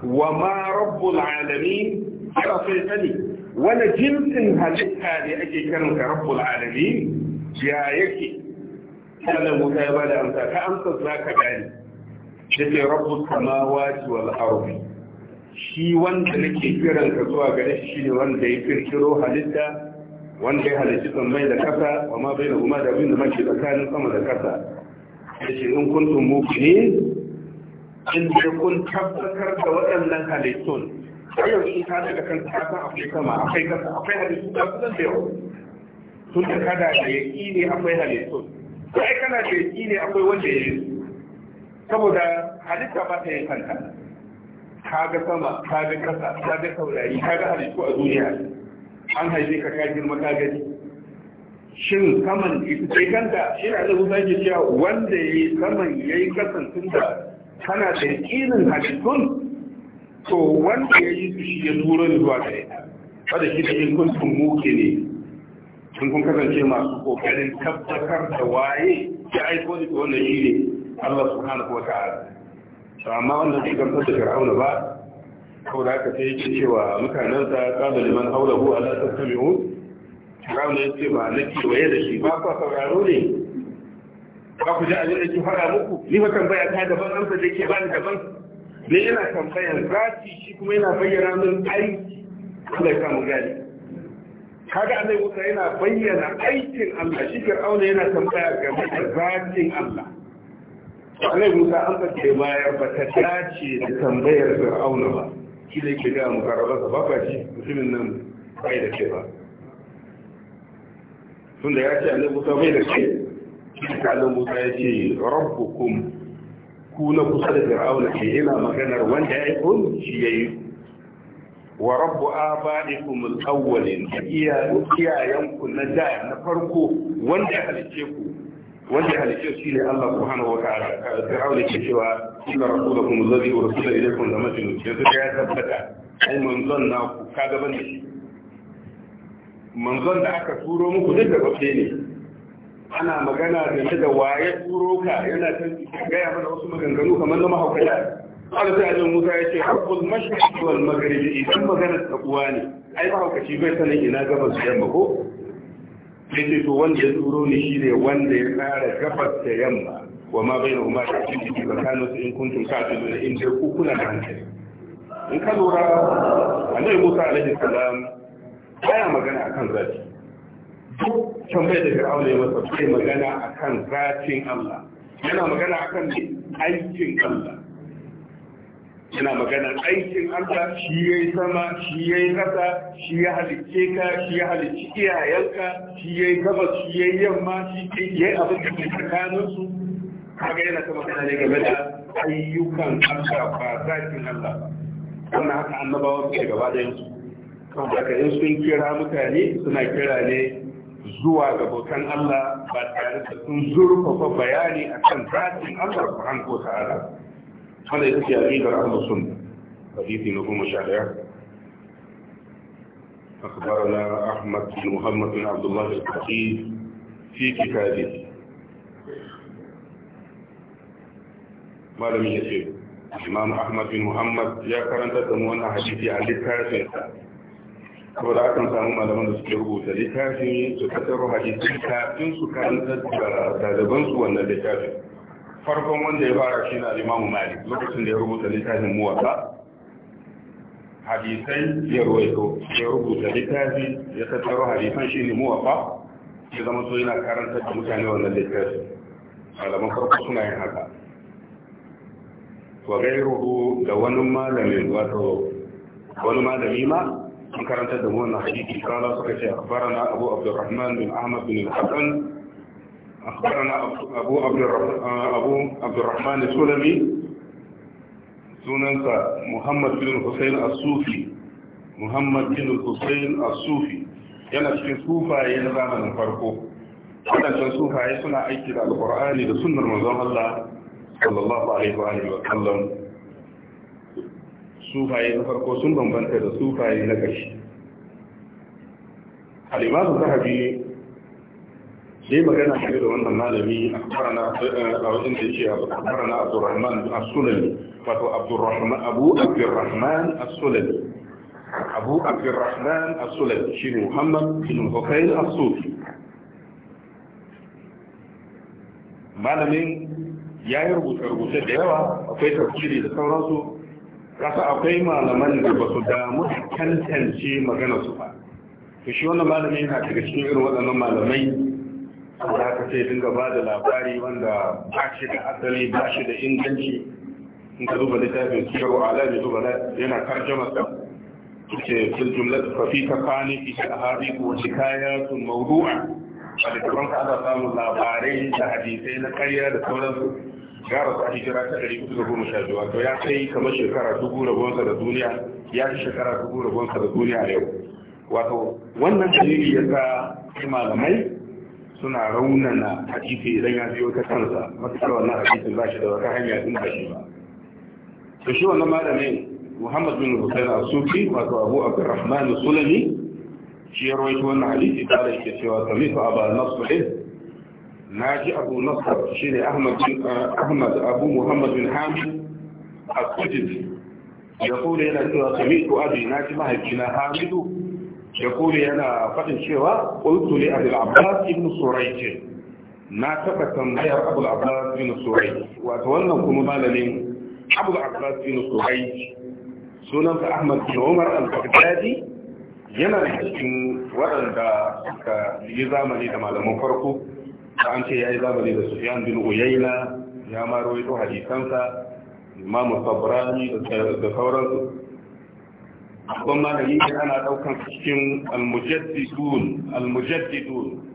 wa ma rabbul alamin ana sai sani wani jinsin halitta ne ake kiran ka rabbul alamin ya yake Allah Musa ya bada amsa ka amsa za ka gani yace rabbul samawati wal ardi shi wanda nake kiran ka zuwa gare shi ne wanda ya kirkiro halitta wanda ya halitta sammai da kasa wa ma da huma da abin da mace tsakanin sama da kasa yace in kuntum mu'minin in kun tabbatar da waɗannan halittun har yanzu in ka daga kanta ta san akwai sama akwai kasa akwai halittu ta kusan da yawa tun da kana da yaƙi ne akwai halittu to ai kana da yaƙi ne akwai wanda ya yi saboda halitta ba ta yin kanta ka ga sama ka ga kasa ka ga saurari ka ga halittu a duniya an haife ka ka girma ka gani shin saman ita ce kanta shi na da zai cewa wanda ya yi saman ya yi kasan tun da kana da yaƙinin halittun to wanda ya yi su shi ya zuro da zuwa gare ya wadda shi da in kun muke ne sun kun kasance masu kokarin tabbatar da waye ya aiko da wannan shi ne Allah subhanahu wa ta'ala to amma wannan bai gamsar da fir'auna ba saboda haka sai yake cewa mutanen sa qala liman hawlahu ala tastami'un fir'auna ce ba nake waye da shi ba ku sauraro ne ba ku ji abin da ke fara muku ni fa tambaya ta daban amsa da ke ba ni daban ne yana tambayar zafi shi kuma yana bayyana min aiki Allah ya samu gani kaga annabi Musa yana bayyana aikin Allah shi Fir'auna yana tambaya game da zatin Allah annabi Musa an ba ke bayar ba ta dace da tambayar Fir'auna ba shi da yake ga mukarraba ba ba shi mutumin nan bai da ce ba tunda ya ce annabi Musa bai da ce shi ka ya ce rabbukum ku na kusa da fir'auna ke yana maganar wanda ya kun shi yayi wa rabbu abaikum al-awwalin iya iyayen na da na farko wanda ya halice ku wanda ya halice shi ne Allah ku hana wa ta'ala fir'auna ke cewa da kuma inna rasulakum alladhi ursila ilaykum la majnun yanzu ya tabbata ai manzon na ku kaga gaban da shi manzon da aka turo muku duk da bafe ne ana magana game da waye turo ka yana ta gaya mana wasu maganganu kamar na mahaukata Allah sai ajin musa ya ce habbul mashriq wal maghrib idan magana ta kuwa ne ai mahaukaci bai sanin ina gabas su yamma ko sai sai to wanda ya turo ni shine wanda ya tsara gabas da yamma wa ma bainahuma ta cikin tsakaninsu in kuntum ta'tiduna in dai ku kula da hankali in ka lura annabi Musa alaihi salam baya magana akan zafi duk tambayar da fir'auna ya masa sai magana akan zatin Allah yana magana aikin Allah yana magana aikin Allah shi ya yi sama shi ya yi ƙasa shi ya halicce ka shi ya halicci iyayenka shi ya yi gabas shi ya yi yamma shi ya yi abin da ke tsakaninsu kaga yana ta magana ne game da ayyukan Allah ba zatin Allah ba wannan haka annabawa suke gaba da yansu kan haka in sun kira mutane suna kira ne zuwa ga bautan Allah ba tare da sun zurfafa bayani a kan zatin Allah ba an ko ta'ala wanda ita ce aƙidar Allah sun hadisi na goma sha ɗaya أخبرنا أحمد بن محمد بن عبد الله الفقيه في كتابه ما لم يسير الإمام أحمد بن محمد يا كرنت دمونا حديثي عن لتاسع saboda akan samu malaman da suke rubuta littafin su tattaro hadisi kafin su karanta da dalibansu wannan littafin farkon wanda ya fara shi na imamu malik lokacin da ya rubuta littafin muwasa hadisai ya ruwaito ya rubuta littafi ya tattaro hadisan shi ne muwasa ya zama so yana karanta da mutane wannan littafi malaman farko suna yin haka wa gairuhu da wani malamin wato wani malami ma sun karanta da wannan hadisi kala suka ce akbarana abu abdurrahman bin ahmad bin al-hasan akbarana abu abdurrahman sulami sunansa muhammad bin Husayn as-sufi muhammad bin hussein as-sufi yana cikin sufaye na zamanin farko waɗancan sufaye suna aiki da alƙur'ani da sunnar manzon Allah sallallahu alaihi wa sallam sufaye na farko sun bambanta da sufaye na ƙarshe ta zahabi sai magana shi da wannan malami a karana a wajen da ce a karana abdurrahman as wato abdurrahman abu abdurrahman as abu abdurrahman asulani shi shine muhammad bin hukayn as malamin ya yi rubuce-rubuce da yawa akwai tafsiri da sauransu kasa akwai malaman da ba su damu tantance magana su ba to shi wannan malami yana daga cikin irin waɗannan malamai da aka sai dinga ba da labari wanda ba shi da asali ba shi da inganci in ka zuba littafin ruwa, ala ne zuba yana karjama sa ce fil jumla kani fi takani fi ahadith wa sun mawdu'a a littafin ka ana samun labarai da hadisai na karya da sauransu ya rasu a hijira ta ɗari uku da goma sha biyu wato ya kai kamar shekara dubu da rabonsa da duniya ya fi shekara dubu da rabonsa da duniya a yau wato wannan dalili ya sa malamai suna raunana hadisi idan ya biyo ta kansa matuƙar wannan hadisi ba shi da wata hanya in ba shi ba to shi wannan malamin muhammad bin hussein al-sufi wato abu abdurrahman sulami shi ya rawaito wannan hadisi ta da yake cewa sami al aba nasr ناجي أبو نصر شيني أحمد بن أحمد أبو محمد بن حامد السجد يقول أنا سمعت أبي ناجي مهجنا حامد يقول أنا فقد شوى قلت لأبي العباس بن سريج na taɓa tambayar abu abbas bin surai wannan kuma malamin abu abbas bin surai sunansa ahmad bin umar al-baghdadi yana da cikin waɗanda suka yi zamani da malaman farko فأنت يا أيضا بني سفيان بن غيينة يا ما رويت حديثاً الإمام الطبراني الدفوران وما نجيك أنا لو كان فيكم المجددون المجددون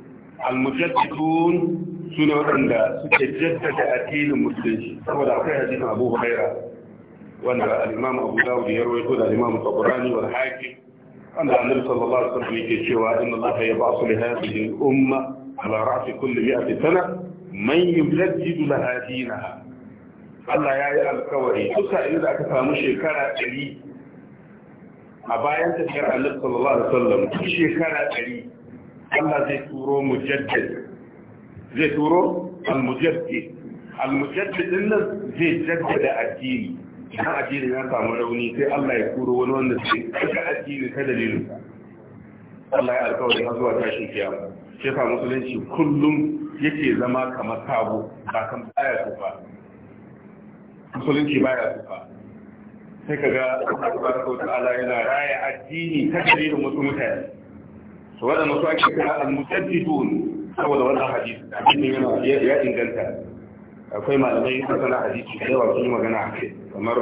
المجددون سنوة عند سجدت أكيد المسلمين فقد أعطي حديث أبو بخيرة وأن الإمام أبو داود يروي يقول الإمام الطبراني والحاكم أن النبي صلى الله عليه وسلم يقول إن الله يبعث لهذه الأمة ala ra'si kulli mi'ati sana man yujaddidu laha dinaha Allah ya yi alkawari duk sa'in da aka samu shekara ɗari a bayan tafiyar Annabi sallallahu alaihi wasallam duk shekara ɗari Allah zai turo mujaddid zai turo al-mujaddid al-mujaddid din nan zai jaddada addini idan addini ya samu rauni sai Allah ya turo wani wanda sai addini Allah ya alƙawari har zuwa tashin kiyama shi musulunci kullum yake zama kamar sabo ba kan baya tufa musulunci baya tufa sai ka ga Allah tabaraka ta'ala yana raya addini ta dalilin wasu mutane to waɗanda su ake kira al tun saboda wannan hadisi addinin yana ya inganta akwai malamai sun sana hadisi da yawa sun yi magana a kai kamar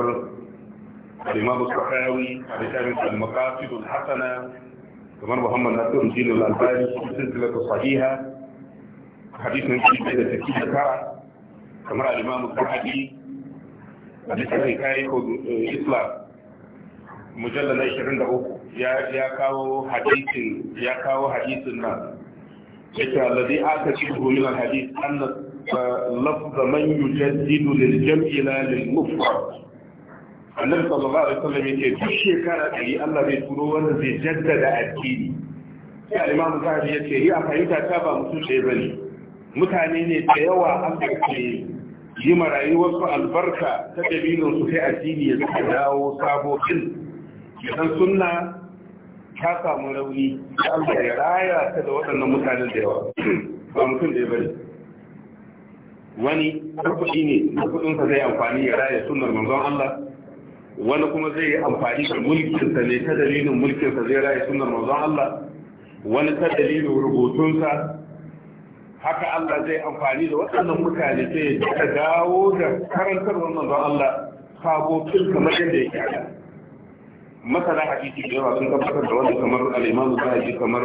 al-Imam Bukhari a littafin al-Maqasid al-Hasana kamar muhammad nasiru jini al-albani silsila ta sahiha hadisin shi a littafin na 23 ya kawo hadisin ya kawo hadisin nan yake annabi sallallahu alaihi wasallam yake duk shekara ɗari Allah zai turo wanda zai jaddada addini sai al-imam Zahabi yace yi fahimta ta ba mutum ɗaya bane mutane ne da yawa Allah ke yi ma rayuwarsu albarka ta dalilin su sai addini ya suka dawo sabo idan sunna ta samu rauni da Allah ya raya ta da waɗannan mutanen da yawa ba mutum ɗaya bane wani kuɗi ne na kuɗinsa zai amfani ya raya sunnar manzon Allah wani kuma zai yi amfani da mulkinsa ne ta dalilin mulkinsa zai raye sunan manzon Allah wani ta dalilin rubutunsa haka Allah zai amfani da waɗannan mutane sai ya dawo da karantar wannan don Allah sabo fil kamar yadda yake ada masana hadisi da yawa sun tabbatar da wanda kamar al-Imam Zahabi kamar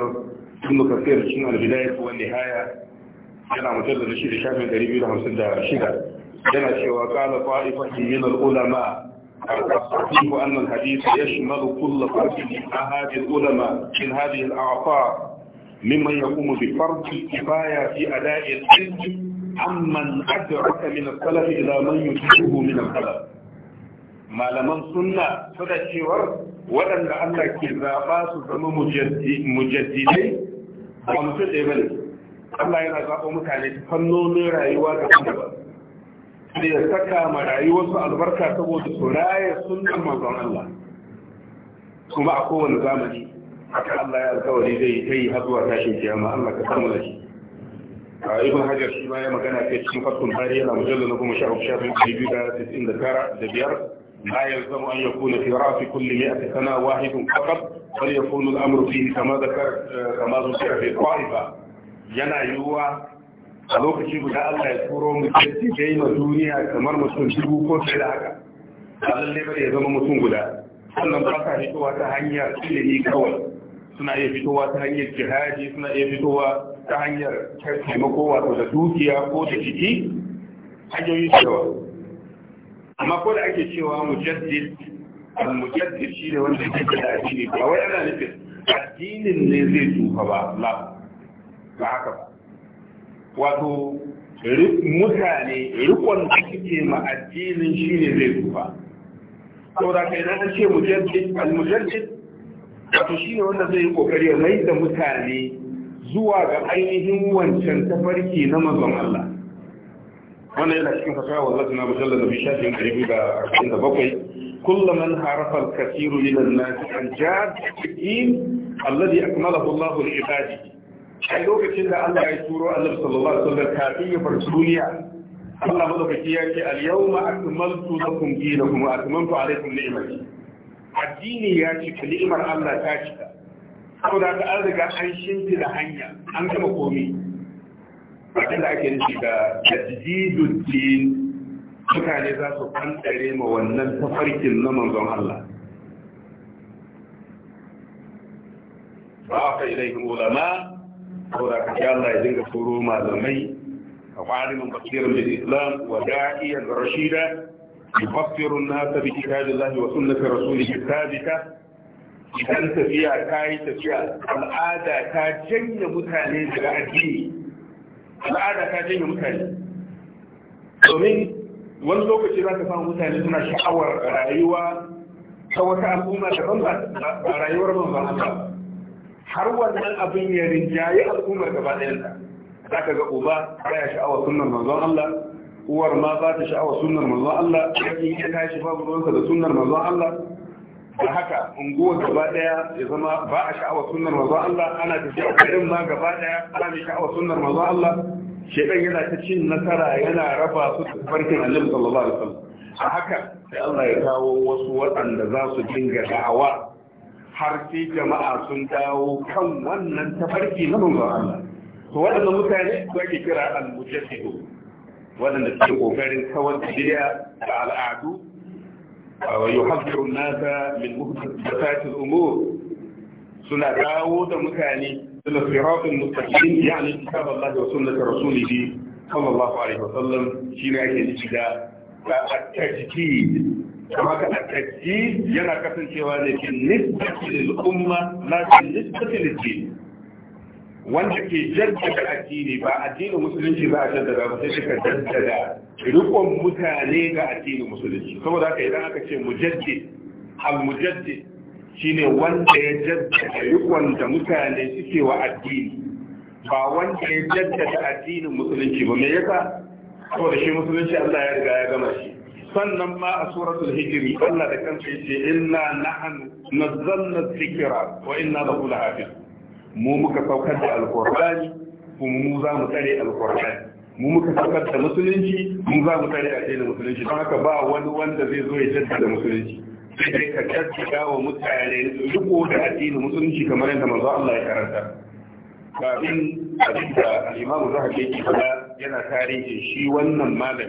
Ibn Kathir cikin al ko wani Nihaya yana mujallar da shi da shafin 256 yana cewa qala qa'ifatun min al-ulama الصحيح أن الحديث يشمل كل فرد من أهالي العلماء من هذه الأعطاء ممن يقوم بفرض الكفاية في أداء العلم عمن أدرك من السلف إلى من يدركه من السلف ما لمن سنة تذكر ولن لأن كذابات زم مجددين ومثل إبن الله يرزق مكاني فنون رأيوا كذبا da ya saka ma rayuwarsu albarka saboda su raya sunan manzon Allah kuma a kowane zamani haka Allah ya alkawari zai ta yi har zuwa tashin kiyama Allah ka samu da shi a ibn hajar shi ma ya magana ta cikin fatul bari yana mujalla na goma sha uku sha biyu da tisin da tara da biyar la yalzamu an yakuna fi ra'si kulli mi'ati sana wahidun faqat bal yakunu al-amru fihi kama dhakar eh, kama dhukira fi qa'ifa yana yiwuwa a lokaci guda Allah ya turo mutum ya yi ma duniya kamar mutum dubu ko sai da haka a lalle ba ya zama mutum guda sannan ba sa fitowa ta hanyar ilimi kawai suna iya fitowa ta hanyar jihadi suna iya fitowa ta hanyar taimako wato da dukiya ko da jiki hanyoyin cewa amma ko da ake cewa mujaddid al-mujaddid shi ne wanda yake da addini ba wai ana nufin addinin ne zai tsufa ba la ba haka ba wato mutane rikon da kike ma addinin shine zai tsufa saboda kai na ce mujaddid al-mujaddid wato shine wanda zai yi kokari ya mai da mutane zuwa ga ainihin wancan tafarki na manzon Allah wannan yana cikin fasaha wallahi na mujallal da bishafin karibi da 47 كل من عرف الكثير من الناس عن جاد الدين الذي أكمله الله لعباده a lokacin da Allah ya turo Allah sallallahu alaihi wasallam kafin ya bar duniya Allah madaukaki ya ce al-yawma akmaltu lakum dinakum wa atmamtu alaykum ni'mati addini ya cika ni'imar Allah ta cika saboda ka an riga an shinti da hanya an gama komi abin da ake nufi da tajdidud din mutane za su kantare ma wannan tafarkin na manzon Allah ba fa ilaihim ulama ya Allah ya dinga turo malamai a ƙwarimin basirin da islam wa da'iyan rashida يفكر الناس بكتاب الله وسنة رسوله الثابتة idan tafiya ta yi tafiya al'ada ta janye mutane daga addini al'ada ta janye mutane domin wani lokaci za ka samu mutane suna sha'awar rayuwa ta wata al'umma daban ba rayuwar ban ba. har wannan abin ya rinjaye al'ummar gaba ɗayanta za ka ga uba ya sha'awa sunan manzon Allah uwar ma ba ta sha'awa sunan manzon Allah yakin ya tashi babu ruwansa da sunan manzon Allah da haka unguwar gaba ɗaya ya zama ba a sha'awa sunan mazo Allah ana tafiya garin ma gaba ɗaya. ana mai sha'awa sunan mazo Allah shedan yana ta cin nasara yana raba su da farkin Allah sallallahu alaihi wasallam a haka sai Allah ya kawo wasu waɗanda za su dinga da'awa har sai jama'a sun dawo kan wannan tafarki na manzon Allah to waɗannan mutane su ake kira al-mujassidu waɗanda suke kokarin kawar da bid'a da al'adu wa yuhaddiru an-nasa min muhdathat al-umur suna dawo da mutane ila siratul mustaqim yani kitab Allah wa sunnat rasulih sallallahu alaihi wasallam shine ake ciki da at-tajdid kama ka tsakki yana kasancewa ne fi nisbati da umma na fi nisbati da ke wanda ke jaddada addini ba addinin musulunci ba a jaddada ba sai suka jaddada rikon mutane ga addinin musulunci saboda haka idan aka ce mujaddi, al mujaddi shine wanda ya jaddada rikon da mutane suke wa addini ba wanda ya jaddada addinin musulunci ba me yasa saboda shi musulunci Allah ya riga ya gama shi sannan ma a suratul hijri Allah da kansa yace inna nahnu nazzalna dhikra wa inna lahu lahafiz mu muka saukar da alqur'ani kuma mu za mu tsare alqur'ani mu muka saukar da musulunci mu za mu tsare addinin musulunci don haka ba wani wanda zai zo ya jaddada musulunci sai ka jaddada wa mutane duk da addinin musulunci kamar yadda manzo Allah ya karanta kafin abin da al-Imam Zahabi yake yana tarihin shi wannan malami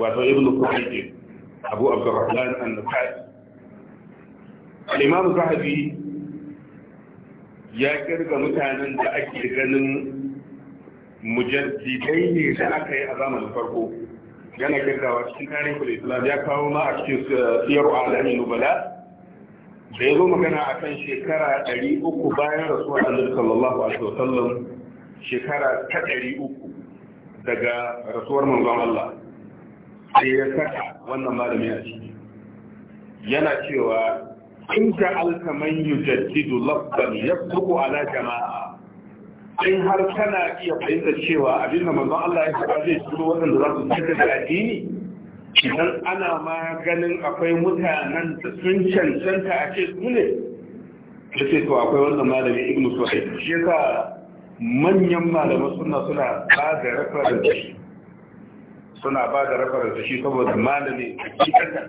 وهو ابن الصحيح أبو عبد الرحمن النفاذ الإمام الزهبي يا كرب متانا تأكد أن مجددين سأكي أظام الفرقو كان كرب واشكين تاريخ الإسلام يا كاوما أشكين سير أعلام النبلاء بيضو مكان أعطان شكرا ألي أكو بايا رسول الله صلى الله عليه وسلم شكرا تألي أكو دقا رسول من الله sai ya saka wannan malami a ciki yana cewa in ka alkaman yujaddidu lafzan yasduqu ala jama'a in har kana iya fahimtar cewa abin da manzon Allah ya faɗa zai shigo waɗanda za su tsaka da addini idan ana ma ganin akwai mutanen da sun cancanta a ce su ne da ce to akwai wannan malami ibnu suhaib shi yasa manyan malaman suna suna ba da da reference suna ba da rafar da shi saboda malami hakikatan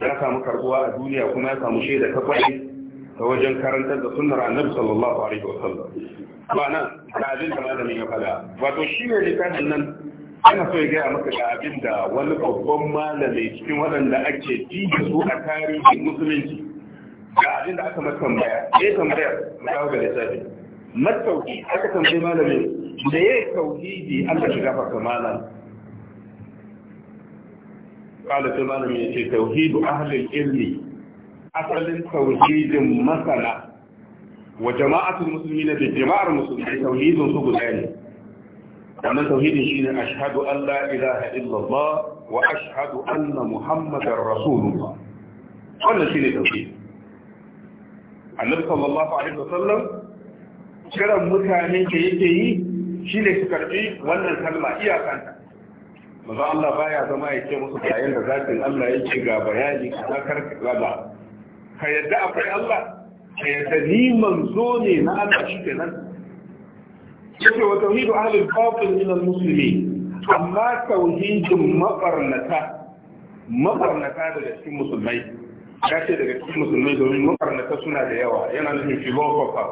ya samu karbuwa a duniya kuma ya samu shaida ta kwari ta wajen karantar da sunnar annabi sallallahu alaihi wasallam nan, ga abin da malamin ya fada wato shi ne littafin nan ana so ya gaya maka ga abin da wani babban malami cikin waɗanda ake ji da su a tarihin musulunci ga abin da aka masa tambaya ya tambayar mu dawo ga littafi matauki aka tambayi malamin da ya yi tauhidi Allah shiga gafarta malam kala sai malami ya ce tauhidu ahlul ilmi asalin tauhidin masana wa jama'atul muslimina da jama'ar musulmi tauhidin su guda ne wannan tauhidin shine ashhadu an la ilaha illallah wa ashhadu anna muhammadar rasulullah wannan shi shine tauhid annabi sallallahu alaihi wasallam kiran mutane ke yake yi shi ne su karbi wannan kalma iyakanta maza Allah baya zama ya ce musu bayan da zatin Allah ya yake ga bayani na karkata ba ka yadda akwai Allah ka yadda ni manzo ne na Allah shi nan. yake wa tauhidu ahlul batil min al-muslimin amma tauhidin mafarnata. mabarnata daga cikin musulmai ya ce daga cikin musulmai domin mafarnata suna da yawa yana nufin filosofa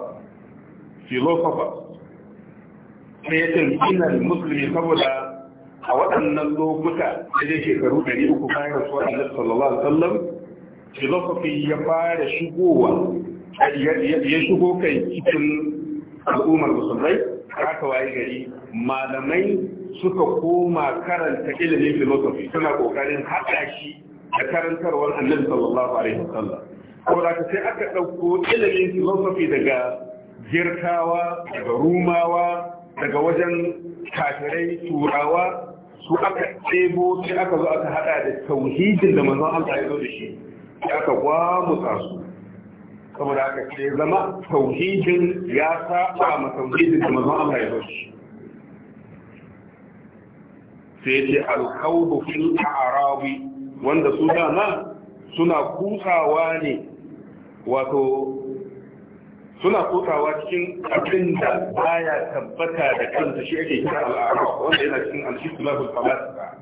filosofa sai ya ce minal musulmi saboda a waɗannan lokuta da zai shekaru 300 bayan rasuwar Allah sallallahu alaihi wasallam philosophy ya fara shigowa ya shigo kai cikin al'ummar musulmai haka waye gari malamai suka koma karanta ilimin filosofi suna kokarin haɗa shi da karantarwar annabi sallallahu alaihi wasallam saboda ka sai aka ɗauko ilimin filosofi daga girkawa daga rumawa daga wajen kafirai turawa su aka tsebo sai aka zo aka haɗa da tauhidin da manzon Allah ya zo da shi sai aka gwamutsa su saboda aka ce zama tauhidin ya saba ma tauhidin da manzon Allah ya zo da shi sai ce alkaudu fil arabi wanda su dama suna kusawa ne wato suna kotawa cikin abin da baya tabbata da kansa shi ake kira al'ara wanda yana cikin al-islamul falasifa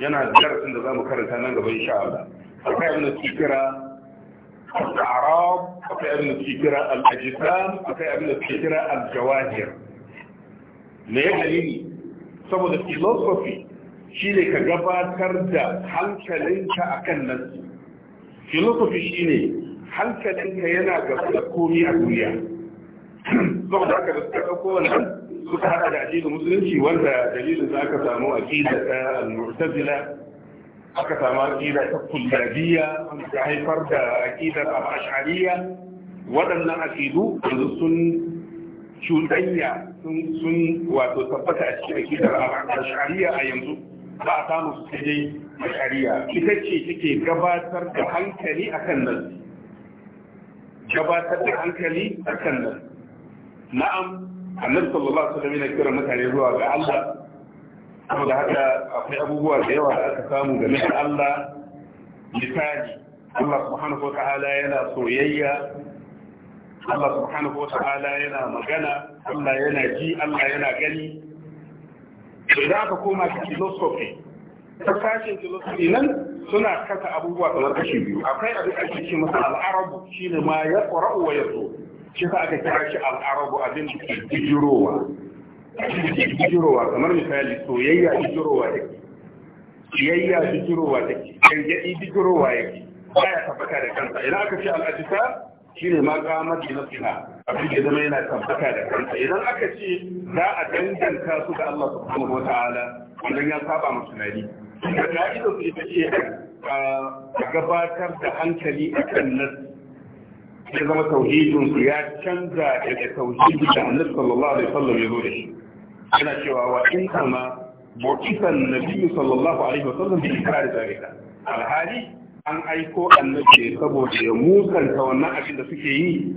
yana darasin da zamu karanta nan gaba insha Allah akwai abin da suke kira al-arab akwai abin da suke kira al-ajsam akwai abin da suke kira al-jawahir me ya dalili saboda philosophy shine ka gabatar da hankalinka akan nan philosophy shine hankalinka yana gaba da komi a duniya saboda haka da suka ɗauko wannan suka haɗa da addinin musulunci wanda dalilin za aka samu aqida ta al-mu'tazila aka samu aqida ta kullabiya, wanda ta haifar da aqidar a ashariyya waɗannan aqidu yanzu sun cuɗanya sun wato tabbata a cikin aqidar a ashariyya a yanzu ba a samu su sai dai ash'ariyya ita ce take gabatar da hankali akan nan gabatar da hankali a kan nan na'am annabi sallallahu alaihi wasallam yana kira mutane zuwa ga Allah saboda haka akwai abubuwa da yawa da aka samu game da Allah misali Allah subhanahu wa yana soyayya Allah subhanahu wa yana magana Allah yana ji Allah yana gani idan aka koma cikin philosophy ta kashin philosophy nan suna kasa abubuwa kamar kashi biyu akwai abin da ake cewa masa al'arabu shine ma ya qara'u wa yaso shi sa aka kira shi al'arabu abin da ke bijirowa bijirowa kamar misali soyayya bijirowa yake. siyayya bijirowa take gargadi bijirowa yake baya tabbata da kansa idan aka ce al'adisa shine ma kamar da nasiha abin da zama yana tabbata da kansa idan aka ce za a danganta su da Allah subhanahu wataala ta'ala wannan ya saba musulmi ka'idar su ita ce a gabatar da hankali a kan nan ya zama tauhidin su ya canza daga tauhidin da annabi sallallahu alaihi wasallam ya zo da shi yana cewa wa in kama bukisan nabi sallallahu alaihi wasallam bi ikrar zalika alhali an aiko annabi saboda ya musanta wannan abin da suke yi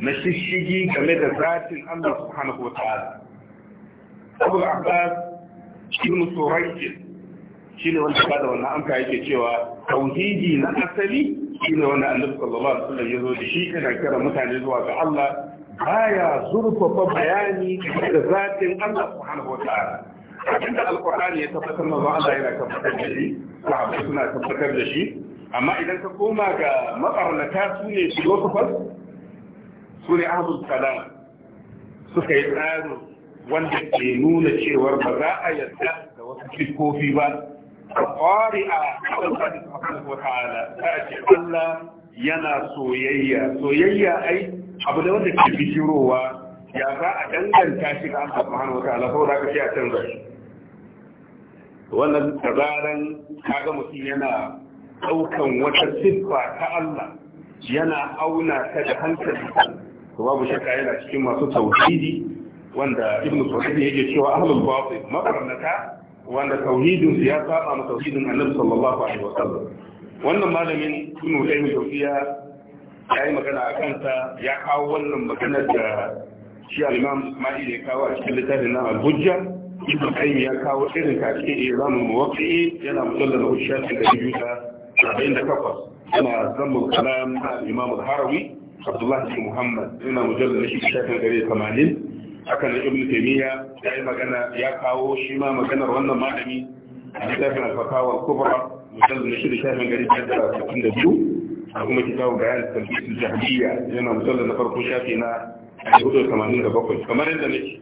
na shishigi game da zatin Allah subhanahu wa ta'ala Abu Abbas ibn Surayj Shi ne wanda ba da wannan amsa ke cewa tauhidi na asali Shi ne wanda annabi sallallahu alaihi wasallam ya zo da shi yana kira mutane zuwa ga Allah baya zurfafa bayani da zatin Allah subhanahu wataala abinda alqur'ani ya tabbatar da Allah yana tabbatar da shi sahabbai suna tabbatar da shi amma idan ka koma ga mabarnata su ne philosophers su ne ahlul kalam suka yi tsarin wanda ke nuna cewar ba za a yarda da wasu kofi ba qari'a Allah subhanahu wa ta'ala ta ce Allah yana soyayya soyayya ai abu da wanda ke bishirowa ya za a danganta shi ga Allah subhanahu wa ta'ala da ka a can shi wannan tazaran kaga mutum yana daukan wata siffa ta Allah yana auna ta da hankali to babu shakka yana cikin masu tauhidi wanda ibnu sufyan yake cewa ahlul batil mabarnata wanda tauhidin su ya saba ma tauhidin annabi sallallahu alaihi wasallam wannan malamin kunu da yin tauhiya ya yi magana a kansa ya kawo wannan magana da shi al-imam Isma'il ya kawo a cikin littafin nan al-Hujja Ibn Qayyim ya kawo irin ka cikin Ilamul Muwaqqi'i yana na al-Shafin da Yusa 48 yana zammul kalam al-Imam al-Harawi Abdullah Muhammad yana mujallal shi Shafin 80 haka na ibn taymiya ya yi magana ya kawo shi ma maganar wannan malami a littafin al-fatawa kubra mujallad na da shafin gari biyar da sittin da biyu a kuma kitabu bayan al jahiliya yana mujallad na farko shafi na hudu da tamanin da bakwai kamar yadda ne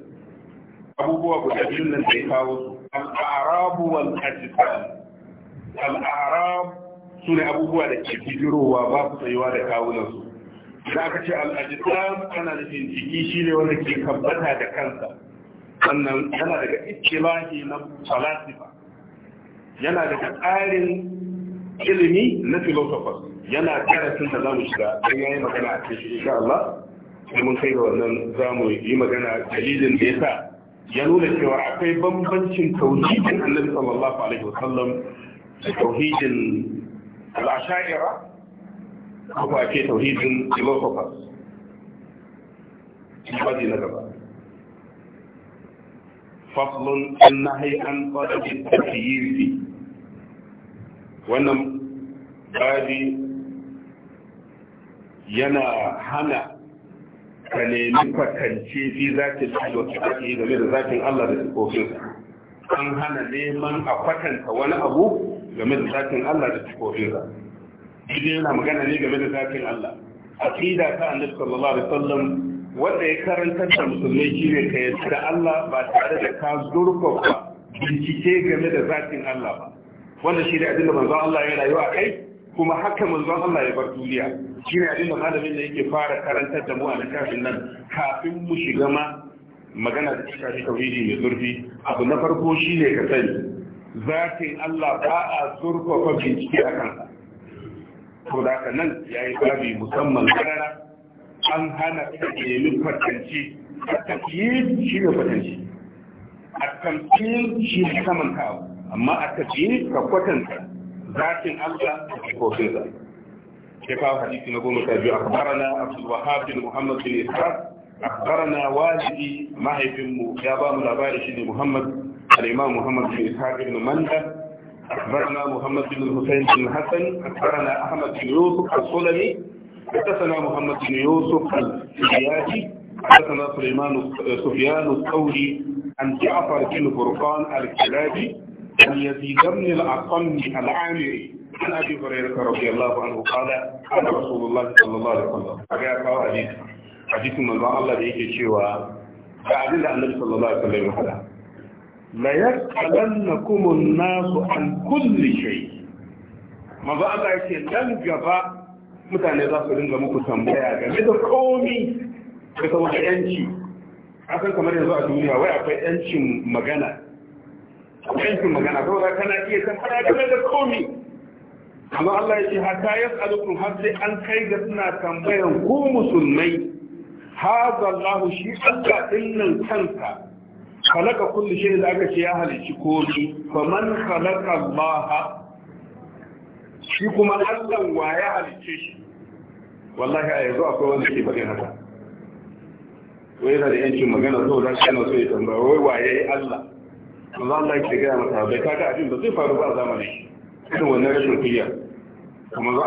abubuwa guda biyun nan da ya kawo su al-arabu wal ajsam al-arab sune abubuwa da ke bijirowa ba su tsayuwa da kawunansu da aka ce al'ajisam tana da jiki shi ne wanda ke kabbata da kansa sannan yana daga ikilahi na falasifa yana daga tsarin ilimi na philosophers yana karatun da za mu shiga don yi magana a cikin shi insha Allah sai mun kai ga wannan za mu yi magana dalilin da yasa ya nuna cewa akwai bambancin tauhidin annabi sallallahu alaihi wasallam da tauhidin al-asha'ira abu a ke tauhidin democracy ibadi na gaba faslun an nahi an yi fi wannan babi yana hana ka nemi kwatance fi zatin Allah wata ake game da zafin Allah da tukofin an hana neman a kwatanta wani abu game da zafin Allah da tukofinsa idan yana magana ne game da zafin Allah A aqida ta annabi sallallahu alaihi wasallam wanda ya karantar da musulmai ne ka yarda Allah ba tare da ka zurfafa bincike game da zafin Allah ba Wanda shi ne abin da manzon Allah ya rayuwa kai kuma haka manzon Allah ya bar duniya shi ne abin da malamin da yake fara karantar da mu a littafin nan kafin mu shiga ma magana da shafi tauhidi mai zurfi abu na farko shi ne ka sani zatin Allah ba a zurfafa bincike a kansa saboda nan ya yi babi musamman karara an hana ka nemi kwatanci a tafiye shi ne kwatanci a tamfiyin shi ne kamanta kawo, amma a tafiye ka kwatanta zakin Allah da kofinsa sai kawo hadisi na goma sha biyu akbarana abdul wahab bin muhammad bin a akbarana walidi mahaifinmu ya ba mu labari shi ne muhammad al-imam muhammad bin ishaq bin manda أخبرنا محمد بن الحسين بن الحسن أخبرنا أحمد بن يوسف السلمي حدثنا محمد بن يوسف السياسي حدثنا سليمان سفيان الثوري عن جعفر بن فرقان الكلابي عن يزيد بن الأقم العامري عن أبي هريرة رضي الله عنه قال قال رسول الله صلى الله عليه وسلم أجاب حديث حديث من الله الذي يجي شيوا فأعلن النبي صلى الله عليه وسلم la na an-nasu an kulli shay manzo Allah ce nan gaba mutane za su dinga muku tambaya game da komi da saboda yanci akan kamar yanzu a duniya wai akwai yancin magana yancin magana saboda kana iya tambaya game da komi amma Allah ya ce hatta yas'alukum har sai an kai ga suna tambayan ku musulmai hadha Allah shi Allah dinnan kansa خلق كل شيء da aka ce ya halici komi faman khalaqa Allah shi kuma Allah wa ya halice shi wallahi a yanzu akwai wanda ke faɗin haka wai yana da yancin magana so da shi yana so ya tambaya wai wa Allah manzo Allah ya gaya masa bai kaga abin ba zai faru ba a zamani. shi irin wannan rashin kunya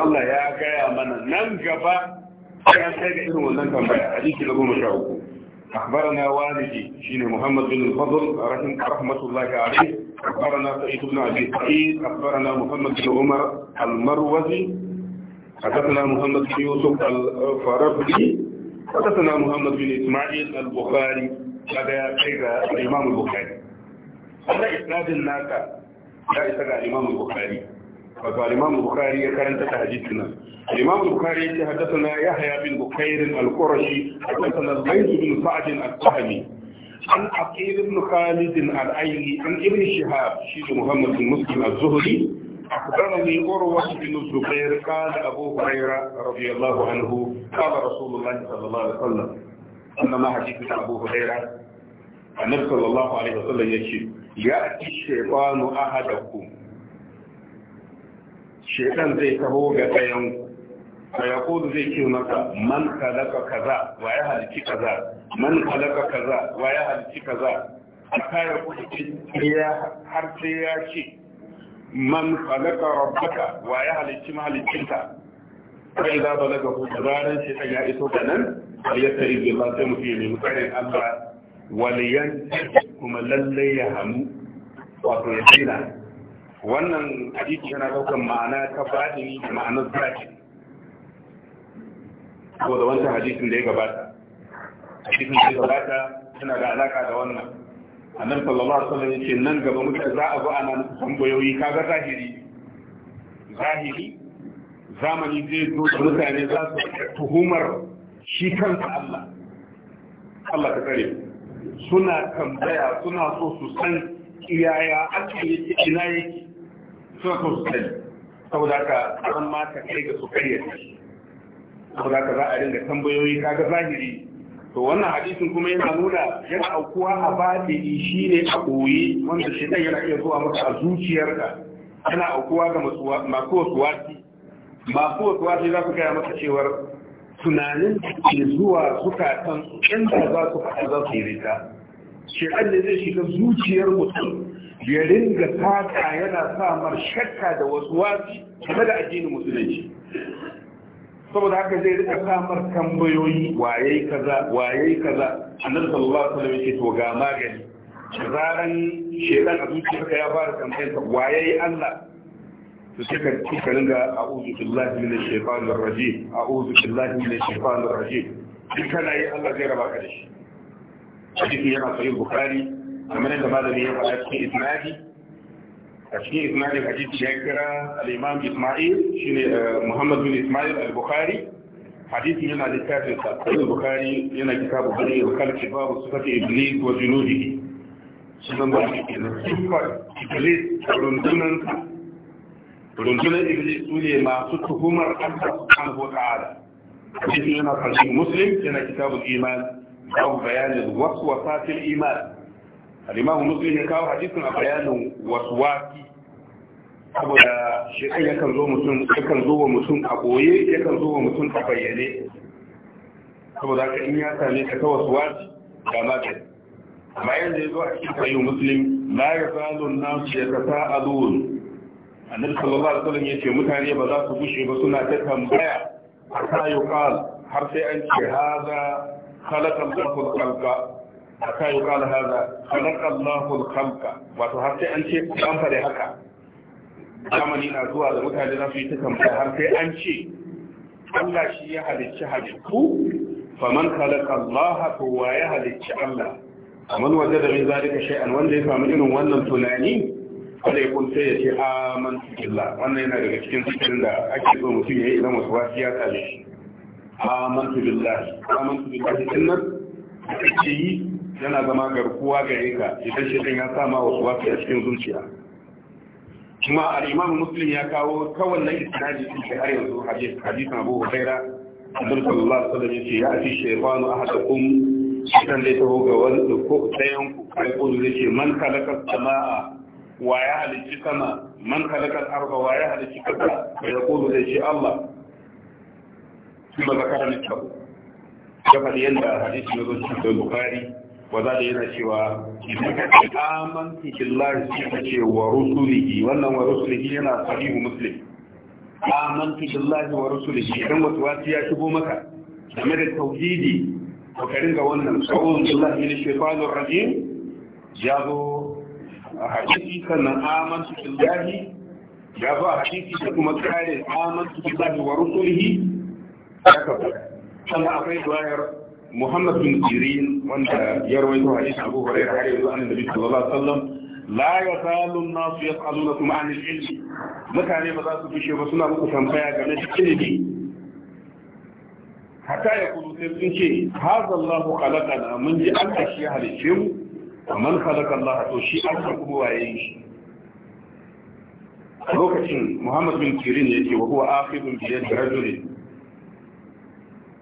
Allah ya gaya mana nan gaba sai an kai ga irin wannan tambaya hadisi na goma sha أخبرنا والدي شين محمد بن الفضل رحمة الله عليه أخبرنا سعيد بن أبي سعيد أخبرنا محمد بن عمر المروزي حدثنا محمد بن يوسف الفربلي حدثنا محمد بن إسماعيل البخاري هذا الإمام البخاري هذا إسناد الناس لا إسناد الإمام البخاري wato al-Imam ya karanta ta hadisi nan al-Imam Bukhari ya haddathana Yahya bin Bukayr alkurashi qurashi na Zayd bin Sa'd al-Fahmi an Aqil ibn Khalid al-Aili an Ibn Shihab shi Muhammad bin Muslim az-Zuhri أخبرني عروة بن الزبير قال أبو هريرة رضي الله عنه قال رسول الله صلى الله عليه وسلم أنما حديث أبو هريرة النبي صلى الله عليه وسلم يشي يأتي shekan zai taho ga ɗayan fa ya kodu zai ce maka man kalaka kaza wa ya halici kaza man kalaka kaza wa ya halici kaza a kaya kuɗi har sai ya ce man kalaka rabbaka wa ya halici mahalicinta kai za ba daga hutu ranar shekan ya iso ka nan aliyarta ba sai mutu ya nemi karin allah waliyan kuma lallai ya hamu wato ya tsira wannan hadisi yana daukan ma'ana ta batini da ma'anar zaki da wancan hadisin da ya gabata hadisin da ya gabata yana da alaka da wannan annan sallallahu alaihi wasallam yace nan gaba mutane za a zo ana musu tambayoyi kaga zahiri zahiri zamani zai zo da mutane za su tuhumar shi kansa Allah Allah ka tsare suna tambaya suna so su san iyaya aka yake ina yake suna so saboda ka an ma ka kai ga su kayyata saboda ka za a dinga tambayoyi kaga zahiri to wannan hadisin kuma yana nuna yana aukuwa a baɗi shi ne a ɓoye wanda shi ɗan yana iya zuwa maka a zuciyarka yana aukuwa ga masu wasu wasi masu wasu wasi za su kaya masa cewar tunanin ke zuwa zukatan inda za su faɗa za su yi rita shi ne zai shiga zuciyar mutum yarin da fata yana samar shakka da wasu wasi game da addinin musulunci saboda haka zai rika samar tambayoyi waye kaza waye kaza annabi sallallahu alaihi wasallam yake to ga magani zaran shedan a zuciyarka ya fara tambayar ka waye Allah to sai ka kika ringa a'udhu billahi minash shaitanir rajim a'udhu billahi minash shaitanir rajim kana yi Allah zai raba ka da shi hadisi yana sahih bukhari من الباب الذي أشياء إسماعيل حديث شاكرة الإمام إسماعيل محمد بن إسماعيل البخاري حديث من الكافر صلى البخاري هنا كتاب بريء وكالك شباب صفة إبليس وجنوده سيدنا صفة إبليس ولندنا ولندنا إبليس ولي ما ستهما الحمد سبحانه وتعالى حديث من الحديث مسلم هنا كتاب الإيمان أو بيان الوصوصات الإيمان al-imam muslim ya kawo hadisin a bayanin waswasi saboda shekai yakan zo mutum yakan zo wa mutum a boye yakan zo wa mutum a bayyane saboda ka in ya same ka ta waswasi ga magani amma yanzu ya zo a cikin sayyid muslim la yazalu an-nas yatasaalun annabi sallallahu alaihi wasallam ce mutane ba za su gushe ba suna ta tambaya hatta yuqal har sai an ce haza khalaqa Allahu al-khalqa hatta yi kala haza khalaqa Allahu al-khalqa wato har sai an ce an fare haka zamani na zuwa da mutane za su yi ta tambaya har sai an ce Allah shi ya halicci halittu man khalaqa Allah to wa ya halicci Allah amman wajada min zalika shay'an wanda ya samu irin wannan tunani kada ya kun sai ya ce aman billah wannan yana daga cikin zikirin da ake so mutum ya yi idan wasu wasu ya kale shi aman billah aman billah din nan ake yi yana zama garkuwa gare ka idan shekan ya sama wasu wasu a cikin zuciya kuma al'imam muslim ya kawo ta wannan isnadi din shi har yanzu hadisin abu huraira annabi sallallahu alaihi wasallam yace ya ati shaytanu ahadakum shidan da taho ga wani ko tsayan ku kai ko zai ce man kalaka samaa wa ya halicci sama man kalaka arba wa ya halicci kasa ya kudu da ce Allah kuma zakaran ta ya faɗi yanda hadisi na zo cikin Bukhari wanda da yana cewa idan ka ce amantu billahi sai ce wa rusulihi wannan wa rusulihi yana sahihu muslim amantu billahi wa rusulihi idan wasu wasu ya shigo maka game da tauhidi to ka ringa wannan sa'udhu billahi minash shaitanir rajim ya zo a hadisi sannan amantu billahi ya zo a hadisi da kuma kare amantu billahi wa rusulihi ya kafa sannan akwai duwayar muhammad bin sirin wanda ya rawaito hadisi abu hurairah har yanzu annabi sallallahu alaihi wasallam la yazalu an-nas yas'alunakum 'an al-ilm mutane ba za su fushe ba suna muku tambaya game da ilimi hatta ya kudu sai sun ce hadha Allahu khalaqana mun ji Allah shi halice mu man khalaqa Allah to shi Allah kuma waye shi lokacin muhammad bin sirin yake wa huwa akhidun bi yadi rajulin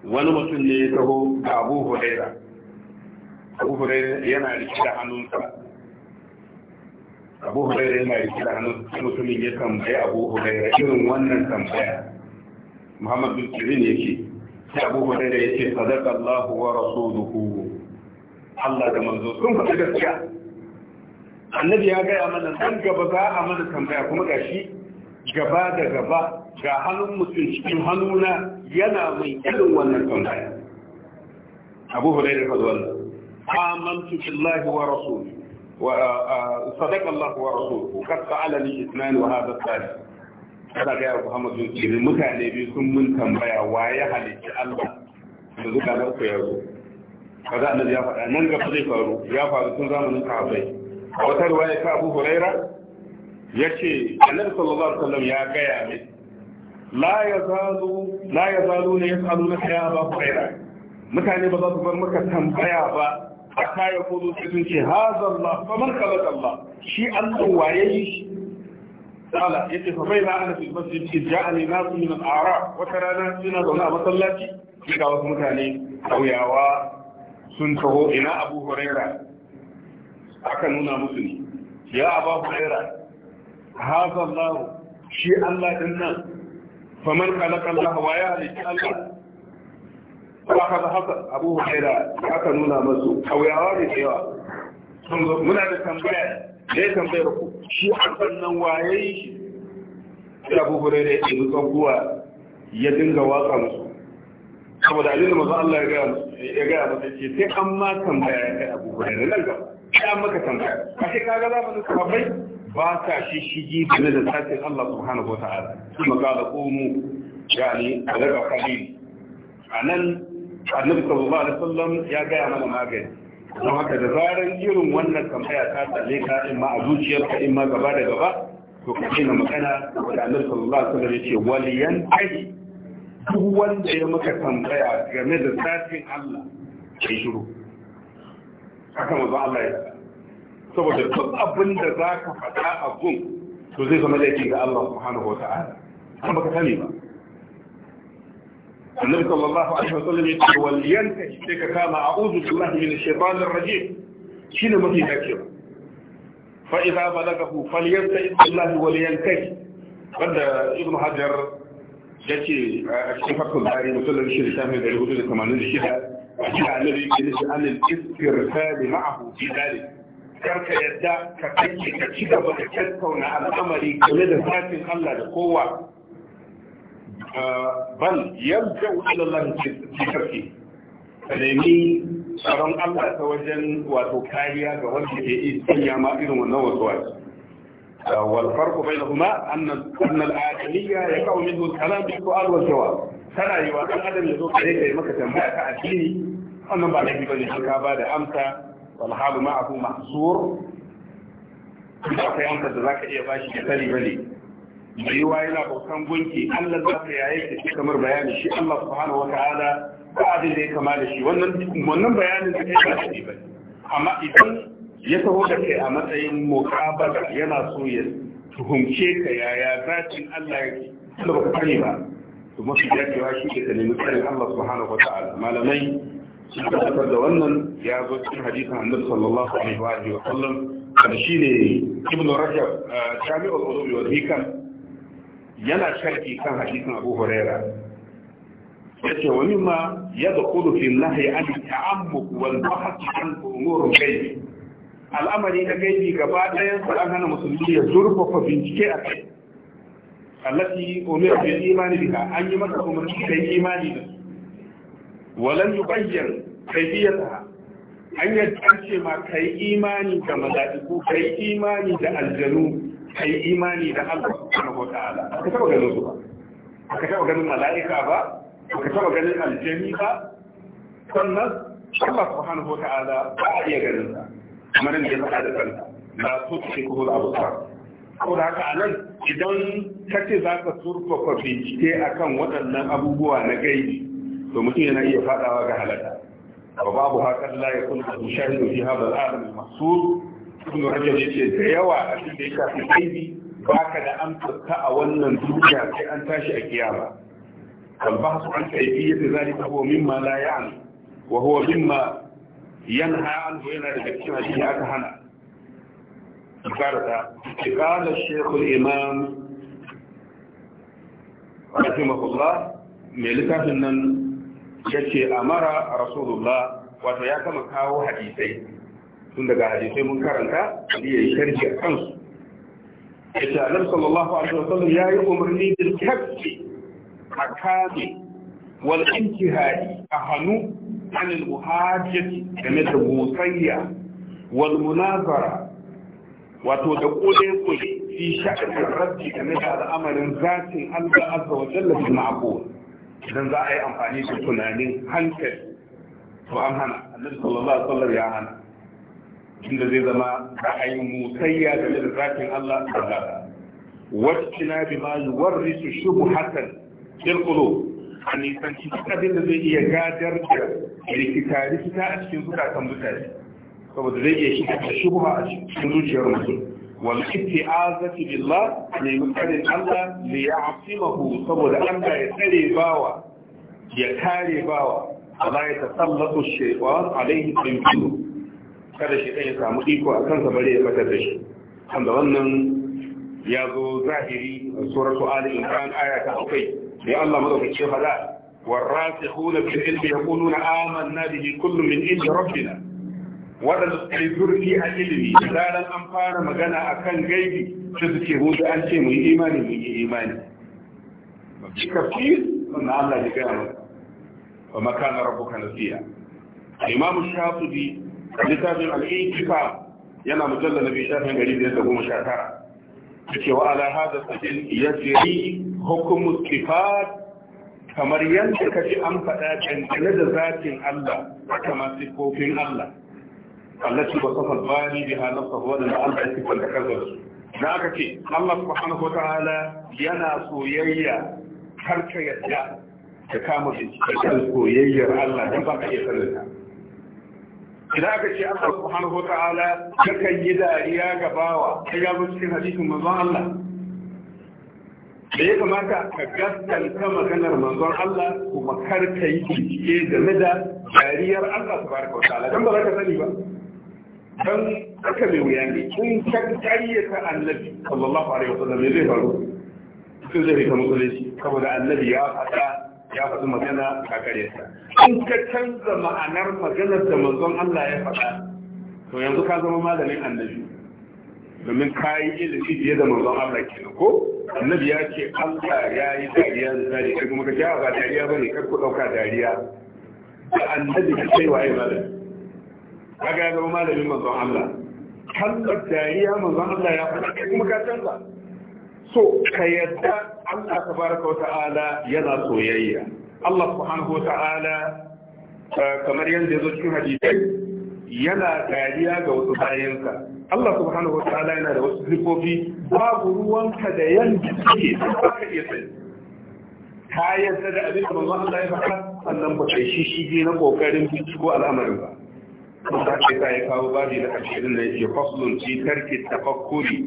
wani mutum ne ya taho ga abu huraira abu huraira yana riki da hannunsa abu huraira yana riki da hannunsa mutumin ya tambaya abu huraira irin wannan tambaya muhammad bin sirin yake sai abu huraira ya ce sadaka allah wa rasuluhu allah da manzo sun faɗi gaskiya annabi ya gaya mana nan gaba za a mana tambaya kuma gashi gaba da gaba ga hannun mutum cikin hannuna yana mai irin wannan tambaya abu da fa wannan amantu billahi wa rasu, sadaka Allah wa rasu, kad sa'ala li ithnan wa hadha thalith kada ga Muhammad bin Kiri mutane biyu sun mun tambaya wa ya halicci Allah da zuka da ku yazo kaza annabi ya faɗa nan gaba zai faru ya faru tun zamanin sahabbai a wata riwaya ta Abu Hurairah yace Annabi sallallahu alaihi wasallam ya gaya mai la ya la yazalu ya yasalu na ya ba khaira mutane ba za su bar maka tambaya ba a kaya kudu sai sun ce haza Allah fa man kala Allah shi an Allah waye yi shi Ya ce fa bai na ana fil masjid id ja'ani nasu min al-a'rab wa tarana ina zauna a masallaci ga wasu mutane kauyawa sun taho ina Abu Huraira aka nuna musu ne ya Abu Huraira haza Allah shi Allah din nan faman khalaqa Allah wa ya halitta Allah ba ka haka Abu Huraira aka nuna masu kauyawa ne cewa muna da tambaya ne tambayar ku shi hakan nan waye shi sai Abu Huraira ya yi tsakuwa ya dinga watsa musu saboda abin da maza Allah ya gaya masa ce sai an ma ya kai Abu Huraira nan gaba sai an maka tambaya kashe kaga zamanin sahabbai ba sa shishigi game da sakin Allah subhanahu wa ta'ala kuma ga da komu yani a daga kalili a nan annabi sallallahu alaihi wasallam ya gaya mana magani don haka da zaran irin wannan tambaya ta tsalle ka in ma a zuciyarka in ma gaba da gaba to ka daina magana da annabi sallallahu alaihi wasallam ya ce waliyan kai duk wanda ya maka tambaya game da sakin Allah kai shiru haka manzo Allah ya saboda duk abin da za ka faɗa a gun to zai zama laifi ga Allah subhanahu wa ta'ala an baka sani ba annabi sallallahu alaihi wasallam ya ce wal yantahi sai ka kama a'udhu billahi minash shaitanir rajim shine mafi dacewa fa idza balagahu falyantahi billahi wal yantahi wanda ibnu hajar ya ce a cikin fatul bari musallar shi da shafin dari hudu da tamanin da shida a cikin annabi ya ce anil istirfali ma'ahu fi dalil karka yadda ka kake ka ci gaba da tattauna al'amari game da zafin Allah da kowa ah, bal yabda ila Allah ka nemi tsaron Allah ta wajen wato kariya ga wanda ke yi sanya ma irin wannan wasuwaci والفرق بينهما أن أن الآدمية يقع منه الكلام بالسؤال والجواب. ترى يوم أن آدم يزور عليك مكة تنبأك عن ba أنا بعد ذلك ba da amsa. والحال معه محصور إذا كنت ذاك إيه باشي كتالي بني بيوا إلى بوكان بنكي الله ذاك يعيك كمر بيان شيء الله سبحانه وتعالى بعد ذلك كمال شيء ونن بيان ذاك بني amma idan ya taho da kai a matsayin mukabala yana so ya tuhumce ka yaya zatin Allah yake Allah ba ka ba to mafi dacewa shi ke ka nemi tsarin Allah ta'ala malamai shi ka tabbatar da wannan ya zo cikin hadisin annabi sallallahu alaihi wa alihi wa sallam kada shine ibn rajab jami'ul ulum wal hikam yana sharhi kan hadisin abu huraira yace wa mimma yadkhulu fi nahyi an ta'ammuq wal bahth an umur al-ghaib al'amari na gaibi gaba ɗayan sa an hana musulmi ya zurfafa bincike a kai allati umira bil imani biha an yi masa umarni da imani da su walan yubayyan kaifiyata an yadda ce ma kai imani da mala'iku kai imani da aljanu kai imani da Allah subhanahu wa ta'ala ka taba ba ka taba ganin mala'ika ba ka taba ganin aljani ba sannan Allah subhanahu wa ta'ala ba a iya ganin sa kamar yadda ya faɗa da kanta la tusriku haka a nan idan ce za ka waɗannan abubuwa na gaibi to mutum yana iya fadawa ga halaka wa babu hakan la yakun da shahidu fi hadha al-alam al-mahsud ibn rajab yace da yawa abin da ya shafi gaibi baka da amsa a wannan duniya sai an tashi a kiyama البحث عن كيفية ذلك هو مما لا يعني وهو مما ينهى عنه هنا لتكتب فيه أكهنا قال Imam, الإمام رحمه الله ملكة أن yace amara rasulullah wato ya kama kawo hadisai tun daga hadisai mun karanta da yayi sharhi a kansu yace annabi sallallahu alaihi wasallam yayi umarni bil kafi akabi wal intihai ahanu an al muhajjati game da musayya wal munazara wato da kule kule fi sha'anin rabbi game da al'amarin zatin Allah azza wa jalla bil ma'qul idan za a yi amfani da tunanin hankali to an hana annabi sallallahu alaihi wasallam ya hana inda zai zama ra'ayin musayya game da zafin Allah ta'ala wacce bi ma su shubhatan fil qulub a nisanci duk abin da zai iya gadar da rikita rikita a cikin zukatan mutane saboda zai iya shiga da shubha a cikin zuciyar mutum wal isti'azati billah ne mutane Allah li ya'simahu saboda Allah ya tsare bawa ya kare bawa Allah ya tasallatu shaytan alaihi tsinkiru kada shi ɗan ya samu iko a kansa bare ya fatar da shi kan wannan ya zo zahiri a suratu aya ta akwai sai Allah madaukake fada والراسخون في العلم يقولون آمنا به كل من عند ربنا waɗanda suka yi zurfi a ilimi da zaran an fara magana a kan gaibi su suke hudu an ce mu yi imani mu yi imani shi kafir wannan Allah ya gaya mana wa makana rabbuka nasiya imamu shafi'i littafin al-intifa yana mujallal nabi shafin gari da goma sha tara yake wa ala hada sajin yajri hukumu sifat kamar yadda kaji an faɗa dangane da zatin Allah kama sifofin Allah التي وصف الباري بها نفسه ولا أنت تكون تكذب ذاك في الله سبحانه وتعالى ينا سويا كرك يدع تكامل سويا الله تبقى يسرنا idan aka ce Allah subhanahu wata'ala yakan yi dariya ga bawa sai ya zo cikin hadisin manzon Allah da ya kamata ka gaskanta maganar manzon Allah kuma kar ka yi bincike game da dariyar Allah subhanahu wata'ala dan ba za ka sani ba don haka mai wuya ne in ka ƙaryata annabi sallallahu alaihi wasallam me zai faru sun zai rika musulunci saboda annabi ya faɗa ya faɗi magana ka ƙaryata in ka canza ma'anar maganar da manzon Allah ya faɗa to yanzu ka zama maganin annabi domin ka yi ilimi fiye da manzon Allah ke ko annabi ya ce Allah ya yi dariya da dariya kuma ka ce ba dariya ba ne, kar ku ɗauka dariya da annabi ka ce wa yi malami kaga ya zama malamin manzon Allah kalmar dariya manzon Allah ya faɗa kai kuma ka canza so ka yadda Allah tabaraka wa ta'ala yana soyayya Allah subhanahu wa ta'ala eh, kamar yadda yazo cikin hadisai yana dariya ga wasu bayanka Allah subhanahu wa ta'ala yana da wasu sifofi babu ruwanka da yanda kake ba ka iya sani ka yadda da abin da manzon Allah ya faɗa sannan ba kai shi shi na kokarin binciko al'amarin ba kuma ke sa ya kawo babi na ashirin da yake faslun ci tarki Fakkuri?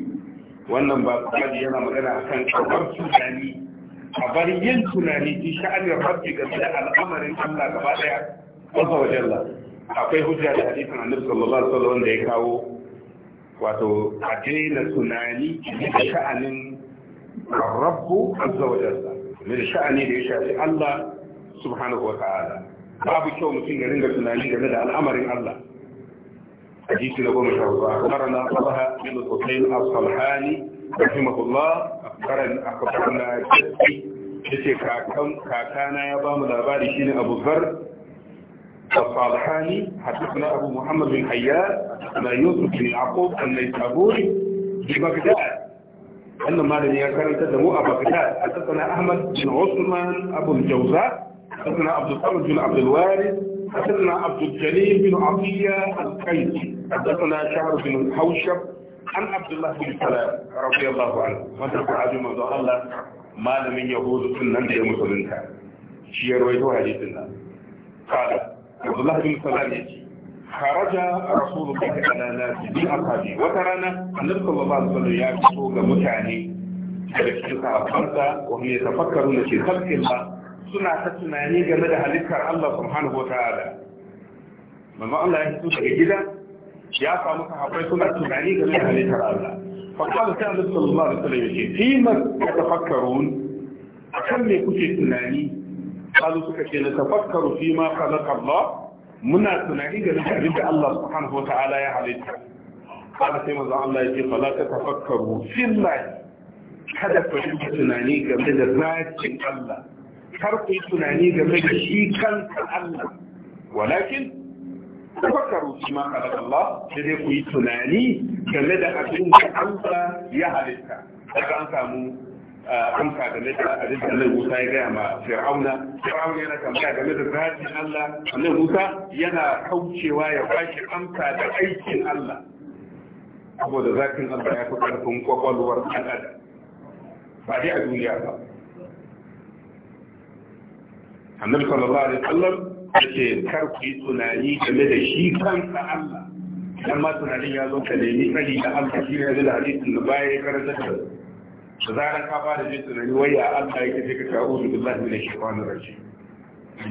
wannan ba babi yana magana a kan kabar tunani a bar yin tunani fi sha'anin rabbi game da al'amarin Allah gaba daya wasa wa jalla akwai hujja da hadisin annabi sallallahu alaihi wasallam da ya kawo wato a daina tunani da sha'anin rabbu azza wa jalla da sha'ani da ya shafi Allah subhanahu wa ta'ala babu kyau mutum ya ringa tunani game da al'amarin Allah حديث لقوم شهر أخبرنا طلحة بن الحسين الصلحاني رحمه الله أخبرنا أخبرنا yace kakan kakana ya ba mu labari الصالحاني حدثنا أبو محمد بن حيان أن يوسف بن يعقوب النيسابوري ببغداد أن مالك يا كان تدمو بغداد حدثنا أحمد بن عثمان أبو الجوزاء حدثنا عبد الصمد بن عبد الوارث حدثنا عبد الجليل بن عطية القيسي حدثنا شهر بن حوشب عن عبد الله بن سلام رضي الله عنه وانت عظيم من الله ما لم يهود سنن يا مسلمين شي رويته حديثنا قال عبد الله بن سلام خرج رسول الله على ناس بأصحابه وترانا النبي صلى الله عليه وسلم يأتي متعني daga cikin sahabbansa wanda ya tafakkaru na ke sarkin ba suna ta tunani game da halittar Allah subhanahu wa ta'ala. Allah ya fito daga gida يا samu sahabbai suna tunani game da فقال صلى الله عليه وسلم إيه، فيما تتفكرون أكم كتي تناني قالوا سكتي نتفكر فيما خلق الله منا تناني قال الله سبحانه وتعالى يا حبيبي قال سيما الله فلا تتفكروا في الله حدث ku yi tunani game da zakin Allah kar ku yi tunani tafakkaru shi ma khalaqa Allah da dai ku yi tunani game da abin da Allah ya halitta daga an samu ah, amsa game da abin da Allah Musa ya gaya ma Fir'auna Fir'auna yana tambaya game da zatin Allah Allah Musa yana kaucewa ya bashi amsa da aikin Allah saboda zatin Allah ya fi karfin kwakwalwar ɗan ba dai a duniya ba annabi sallallahu alaihi wasallam yake kar ku yi tunani game da shi kansa Allah dan ma tunanin ya zo ka nemi tsari da Allah shi ne da hadisin da baya ya karanta da da zaran ka fara jin tunani waya Allah ya sai ka su da ta'awudu billahi minash shaitanir rajim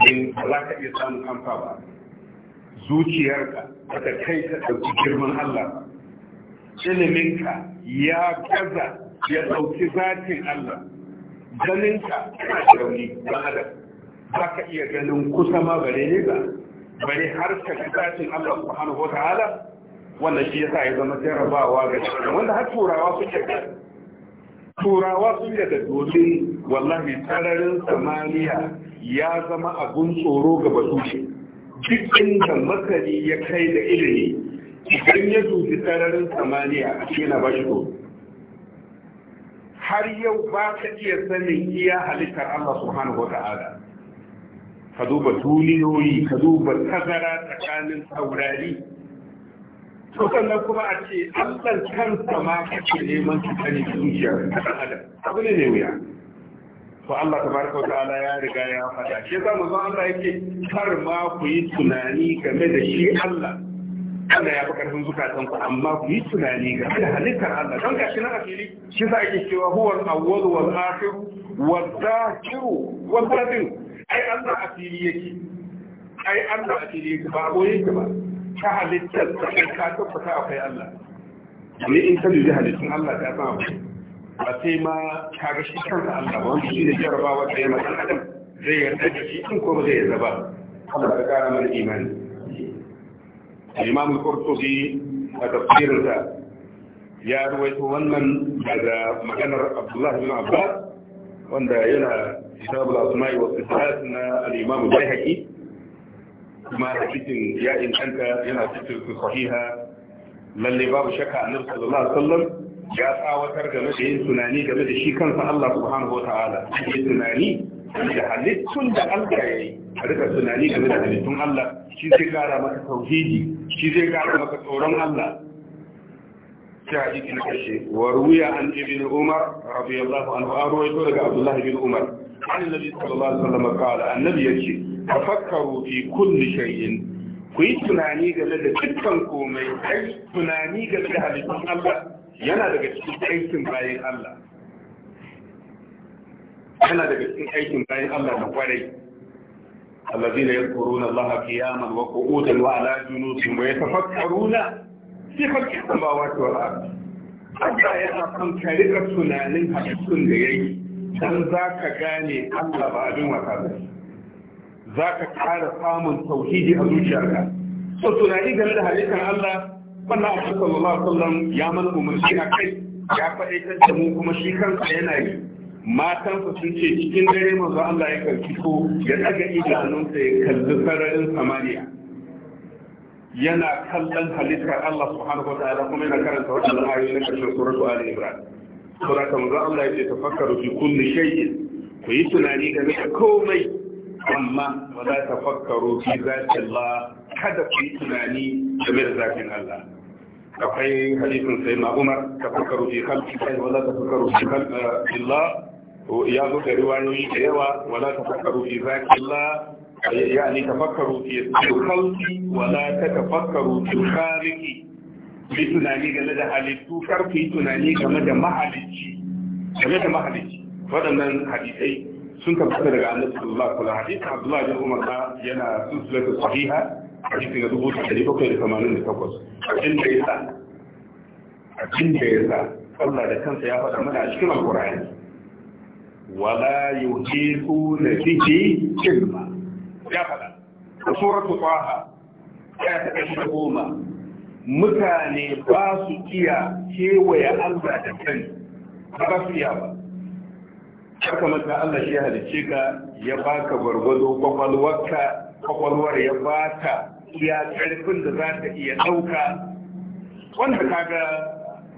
din Allah ka iya samun amsa ba zuciyarka ta kai ka dauki girman Allah ba iliminka ya gaza ya dauki zatin Allah ganinka yana da rauni ba da. ba ka iya ganin kusa ma bare ne ba bare har ka ga tashin Allah subhanahu wa ta'ala Wanda shi yasa ya zama jarabawa ga shi wanda har turawa ke da turawa sun da domin wallahi sararin samaniya ya zama abun tsoro ga batushe duk inda masani ya kai da ilimi idan ya dubi sararin samaniya a cikin na bashi ko. har yau ba ka iya sanin iya halittar Allah subhanahu wa ta'ala ka duba duniyoyi ka duba tazara tsakanin saurari to sannan kuma a ce allah kansa ma kake neman su kane zuciyar ta dan adam abu ne ne wuya to Allah ta tabaraka wa ta'ala ya riga ya faɗa shi yasa manzon Allah yake kar ma ku yi tunani game da shi Allah Allah ya fi ƙarfin zukatan ku amma ku yi tunani game da halittar Allah don gashi na asiri shi sa ake cewa huwa al-awwal wal akhir wal zahir wal batin ai Allah a fili yake ai Allah a fili yake ba a goye yake ba ta halittar ta kai ka tabbata akwai Allah ne in ka dubi halittun Allah ta san akwai ba sai ma ka ga shi kansa Allah ba wanda shi ne jarabawa da ya mata adam zai yarda da shi in ko ba zai yarda ba Allah ka kara mana imani Imam Al-Qurtubi a tafsirinsa ya ruwaito wannan daga maganar Abdullah bin Abbas wanda yana كتاب الأسماء والصفات نا الإمام البيهقي كما حديث يا إن أنت ينا سلسلة صحيحة lalle babu shakka annabi sallallahu alaihi wasallam ya tsawatar game da yin tunani game da shi kansa Allah subhanahu wataala yin tunani da halittun da Allah ya yi a rika tunani game da halittun Allah shi zai kara maka tauhidi shi zai kara maka tsoron Allah sai hadisi na karshe wa ruwiya an ibn umar radiyallahu anhu an ruwaito daga abdullahi ibn umar عن النبي صلى الله عليه وسلم قال النبي يجي تفكروا في كل شيء كي تناني قبل تكتن كومي أي تناني قبل هذه الله ينا لك أي تنباي الله ينا لك أي تنباي الله نقري الذين يذكرون الله قياما وقعودا وعلى جنوبهم ويتفكرون في خلق السماوات والأرض حتى يتفكرون كريم تنانين هذه السنة dan za ka gane Allah ba abin wasa ba za ka ƙara samun tauhidi a zuciyarka so tunani game da halittar Allah wannan abu sallallahu alaihi wasallam ya mana umarci a kai ya faɗaitar da mu kuma shi kansa yana yi su sun ce cikin dare manzo Allah ya karki ko ya daga idanunsa ya kalli sararin samaniya yana kallon halittar Allah subhanahu wa ta'ala kuma yana karanta wannan ayoyi na karshen suratu Ali Ibrahim saboda manzo Allah yake tafakkaru fi kulli shay'in ku yi tunani game da komai amma wala tafakkaru fi zati Allah kada ku yi tunani game da zatin Allah akwai hadisin sai na Umar tafakkaru fi khalqi kai wala tafakkaru fi khalqi Allah to ya zo da riwayoyi da yawa wala tafakkaru fi zati Allah يعني تفكروا في الخلق ولا tafakkaru في الخالق ku yi tunani game da halittu kar ku yi tunani game da mahalicci game da mahalicci waɗannan hadisai sun tabbata daga annabi sallallahu alaihi wasallam hadisin Abdullah bin Umar ma yana silsilatu sahiha hadisin da dubu ɗari bakwai da tamanin da takwas abin da ya sa abin da ya sa Allah da kansa ya faɗa mana a cikin alƙur'ani wala yuhituna bihi ilma ya faɗa suratul taha ya ta kashi goma mutane ba su iya kewaye Allah da kai ba su iya ba haka mata Allah shi halice ka ya baka gwargwado kwakwalwarka kwakwalwar ya baka iya karfin da za ta iya ɗauka wanda ka ga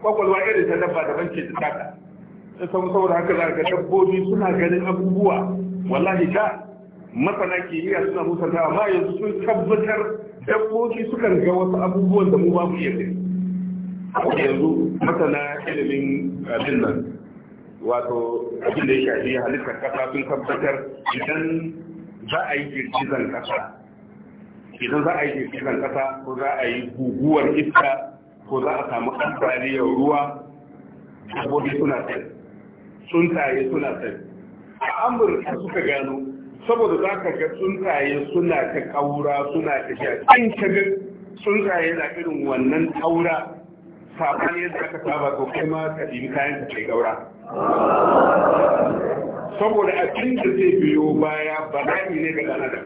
kwakwalwa irin ta dabba da bance ta taka sun saboda haka za ga dabbobi suna ganin abubuwa wallahi ta masana kimiyya suna musanta amma yanzu sun tabbatar dabbobi sukan ga wasu abubuwan da mu ba mu iya gani yanzu masana ilimin abin nan wato abin da ya shafi halittar kasa sun tabbatar idan za a yi girgizan kasa idan za a yi girgizan kasa ko za a yi guguwar iska ko za a samu ambaliyar ruwa dabbobi suna sun tsuntsaye suna sai a amurka suka gano saboda za ka ga tsuntsaye suna ta ƙaura suna ta sha in ka ga tsuntsaye na irin wannan ƙaura saɓani yadda aka saba to kai ma ka ɗibi kayan ka kai ƙaura saboda cikin da zai biyo baya bala'i ne ga ɗan adam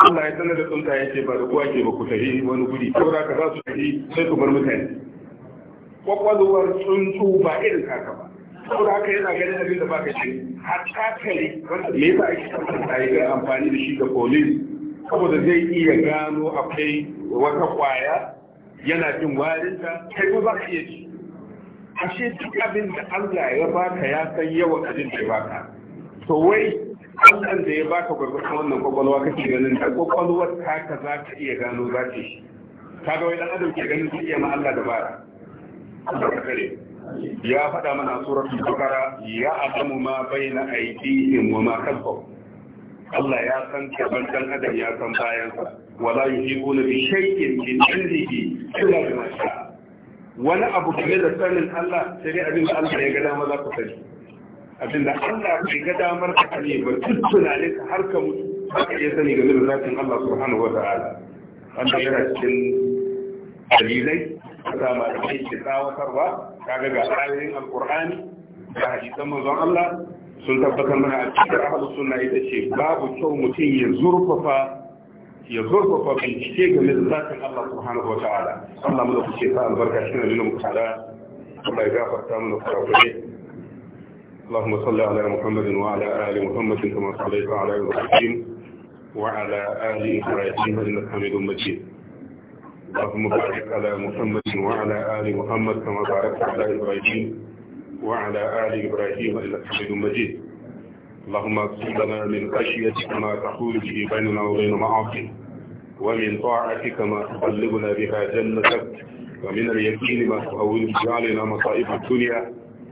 Allah ya sanar da tsuntsaye ce ba da kowa ke ba ku tafi wani guri saboda ka za su tafi sai ku bar mutane kwakwalwar tsuntsu ba irin haka ba saboda haka yana ganin abin da baka ce hatta kare me yasa ake son a yi amfani da shi da police saboda zai iya gano akwai wata kwaya yana jin warinta kai ba ka iya ci ashe duk abin da Allah ya baka ya san yawan abin da ya baka to wai Allah da ya baka gurgurta wannan kwakwalwa kake ganin ta kwakwalwar taka za ka iya gano za ka shi kaga wai dan adam ke ganin zai iya ma Allah da bara Allah ka kare ya faɗa mana suratul bakara ya alamu ma baina aydihim wa ma khalfahum Allah ya san kaban dan adam ya san bayansa wala yuhiquna bi shay'in min ilmihi illa bima sha'a wani abu game da sanin Allah sai abin da Allah ya ga dama za ka sani abin da Allah bai ga damar ka sani ba duk tunanin ka har ka mutu ba ka iya sani game da zatin Allah subhanahu wa ta'ala wanda yana cikin dalilai da malamai ke tsawatarwa kaga ga ayoyin alqur'ani da hadisan manzon Allah sun tabbatar mana a cikin ahlus sunna ita ce babu kyau mutum ya zurfafa ya zurfafa bincike game da zatin Allah subhanahu wataala Allah mu da kuce ta albarka shi ne nuna muku tada Allah ya gafarta mana kurakure اللهم صل على محمد وعلى آل محمد كما صليت على إبراهيم وعلى آل إبراهيم إنك حميد مجيد اللهم بارك على محمد وعلى آل محمد كما باركت على إبراهيم وعلى آل إبراهيم إنك حميد مجيد اللهم اغفر لنا من خشيتك ما تحول به بيننا وبين معاصيك ومن طاعتك ما تبلغنا بها جنتك ومن اليقين ما تؤول به علينا مصائب الدنيا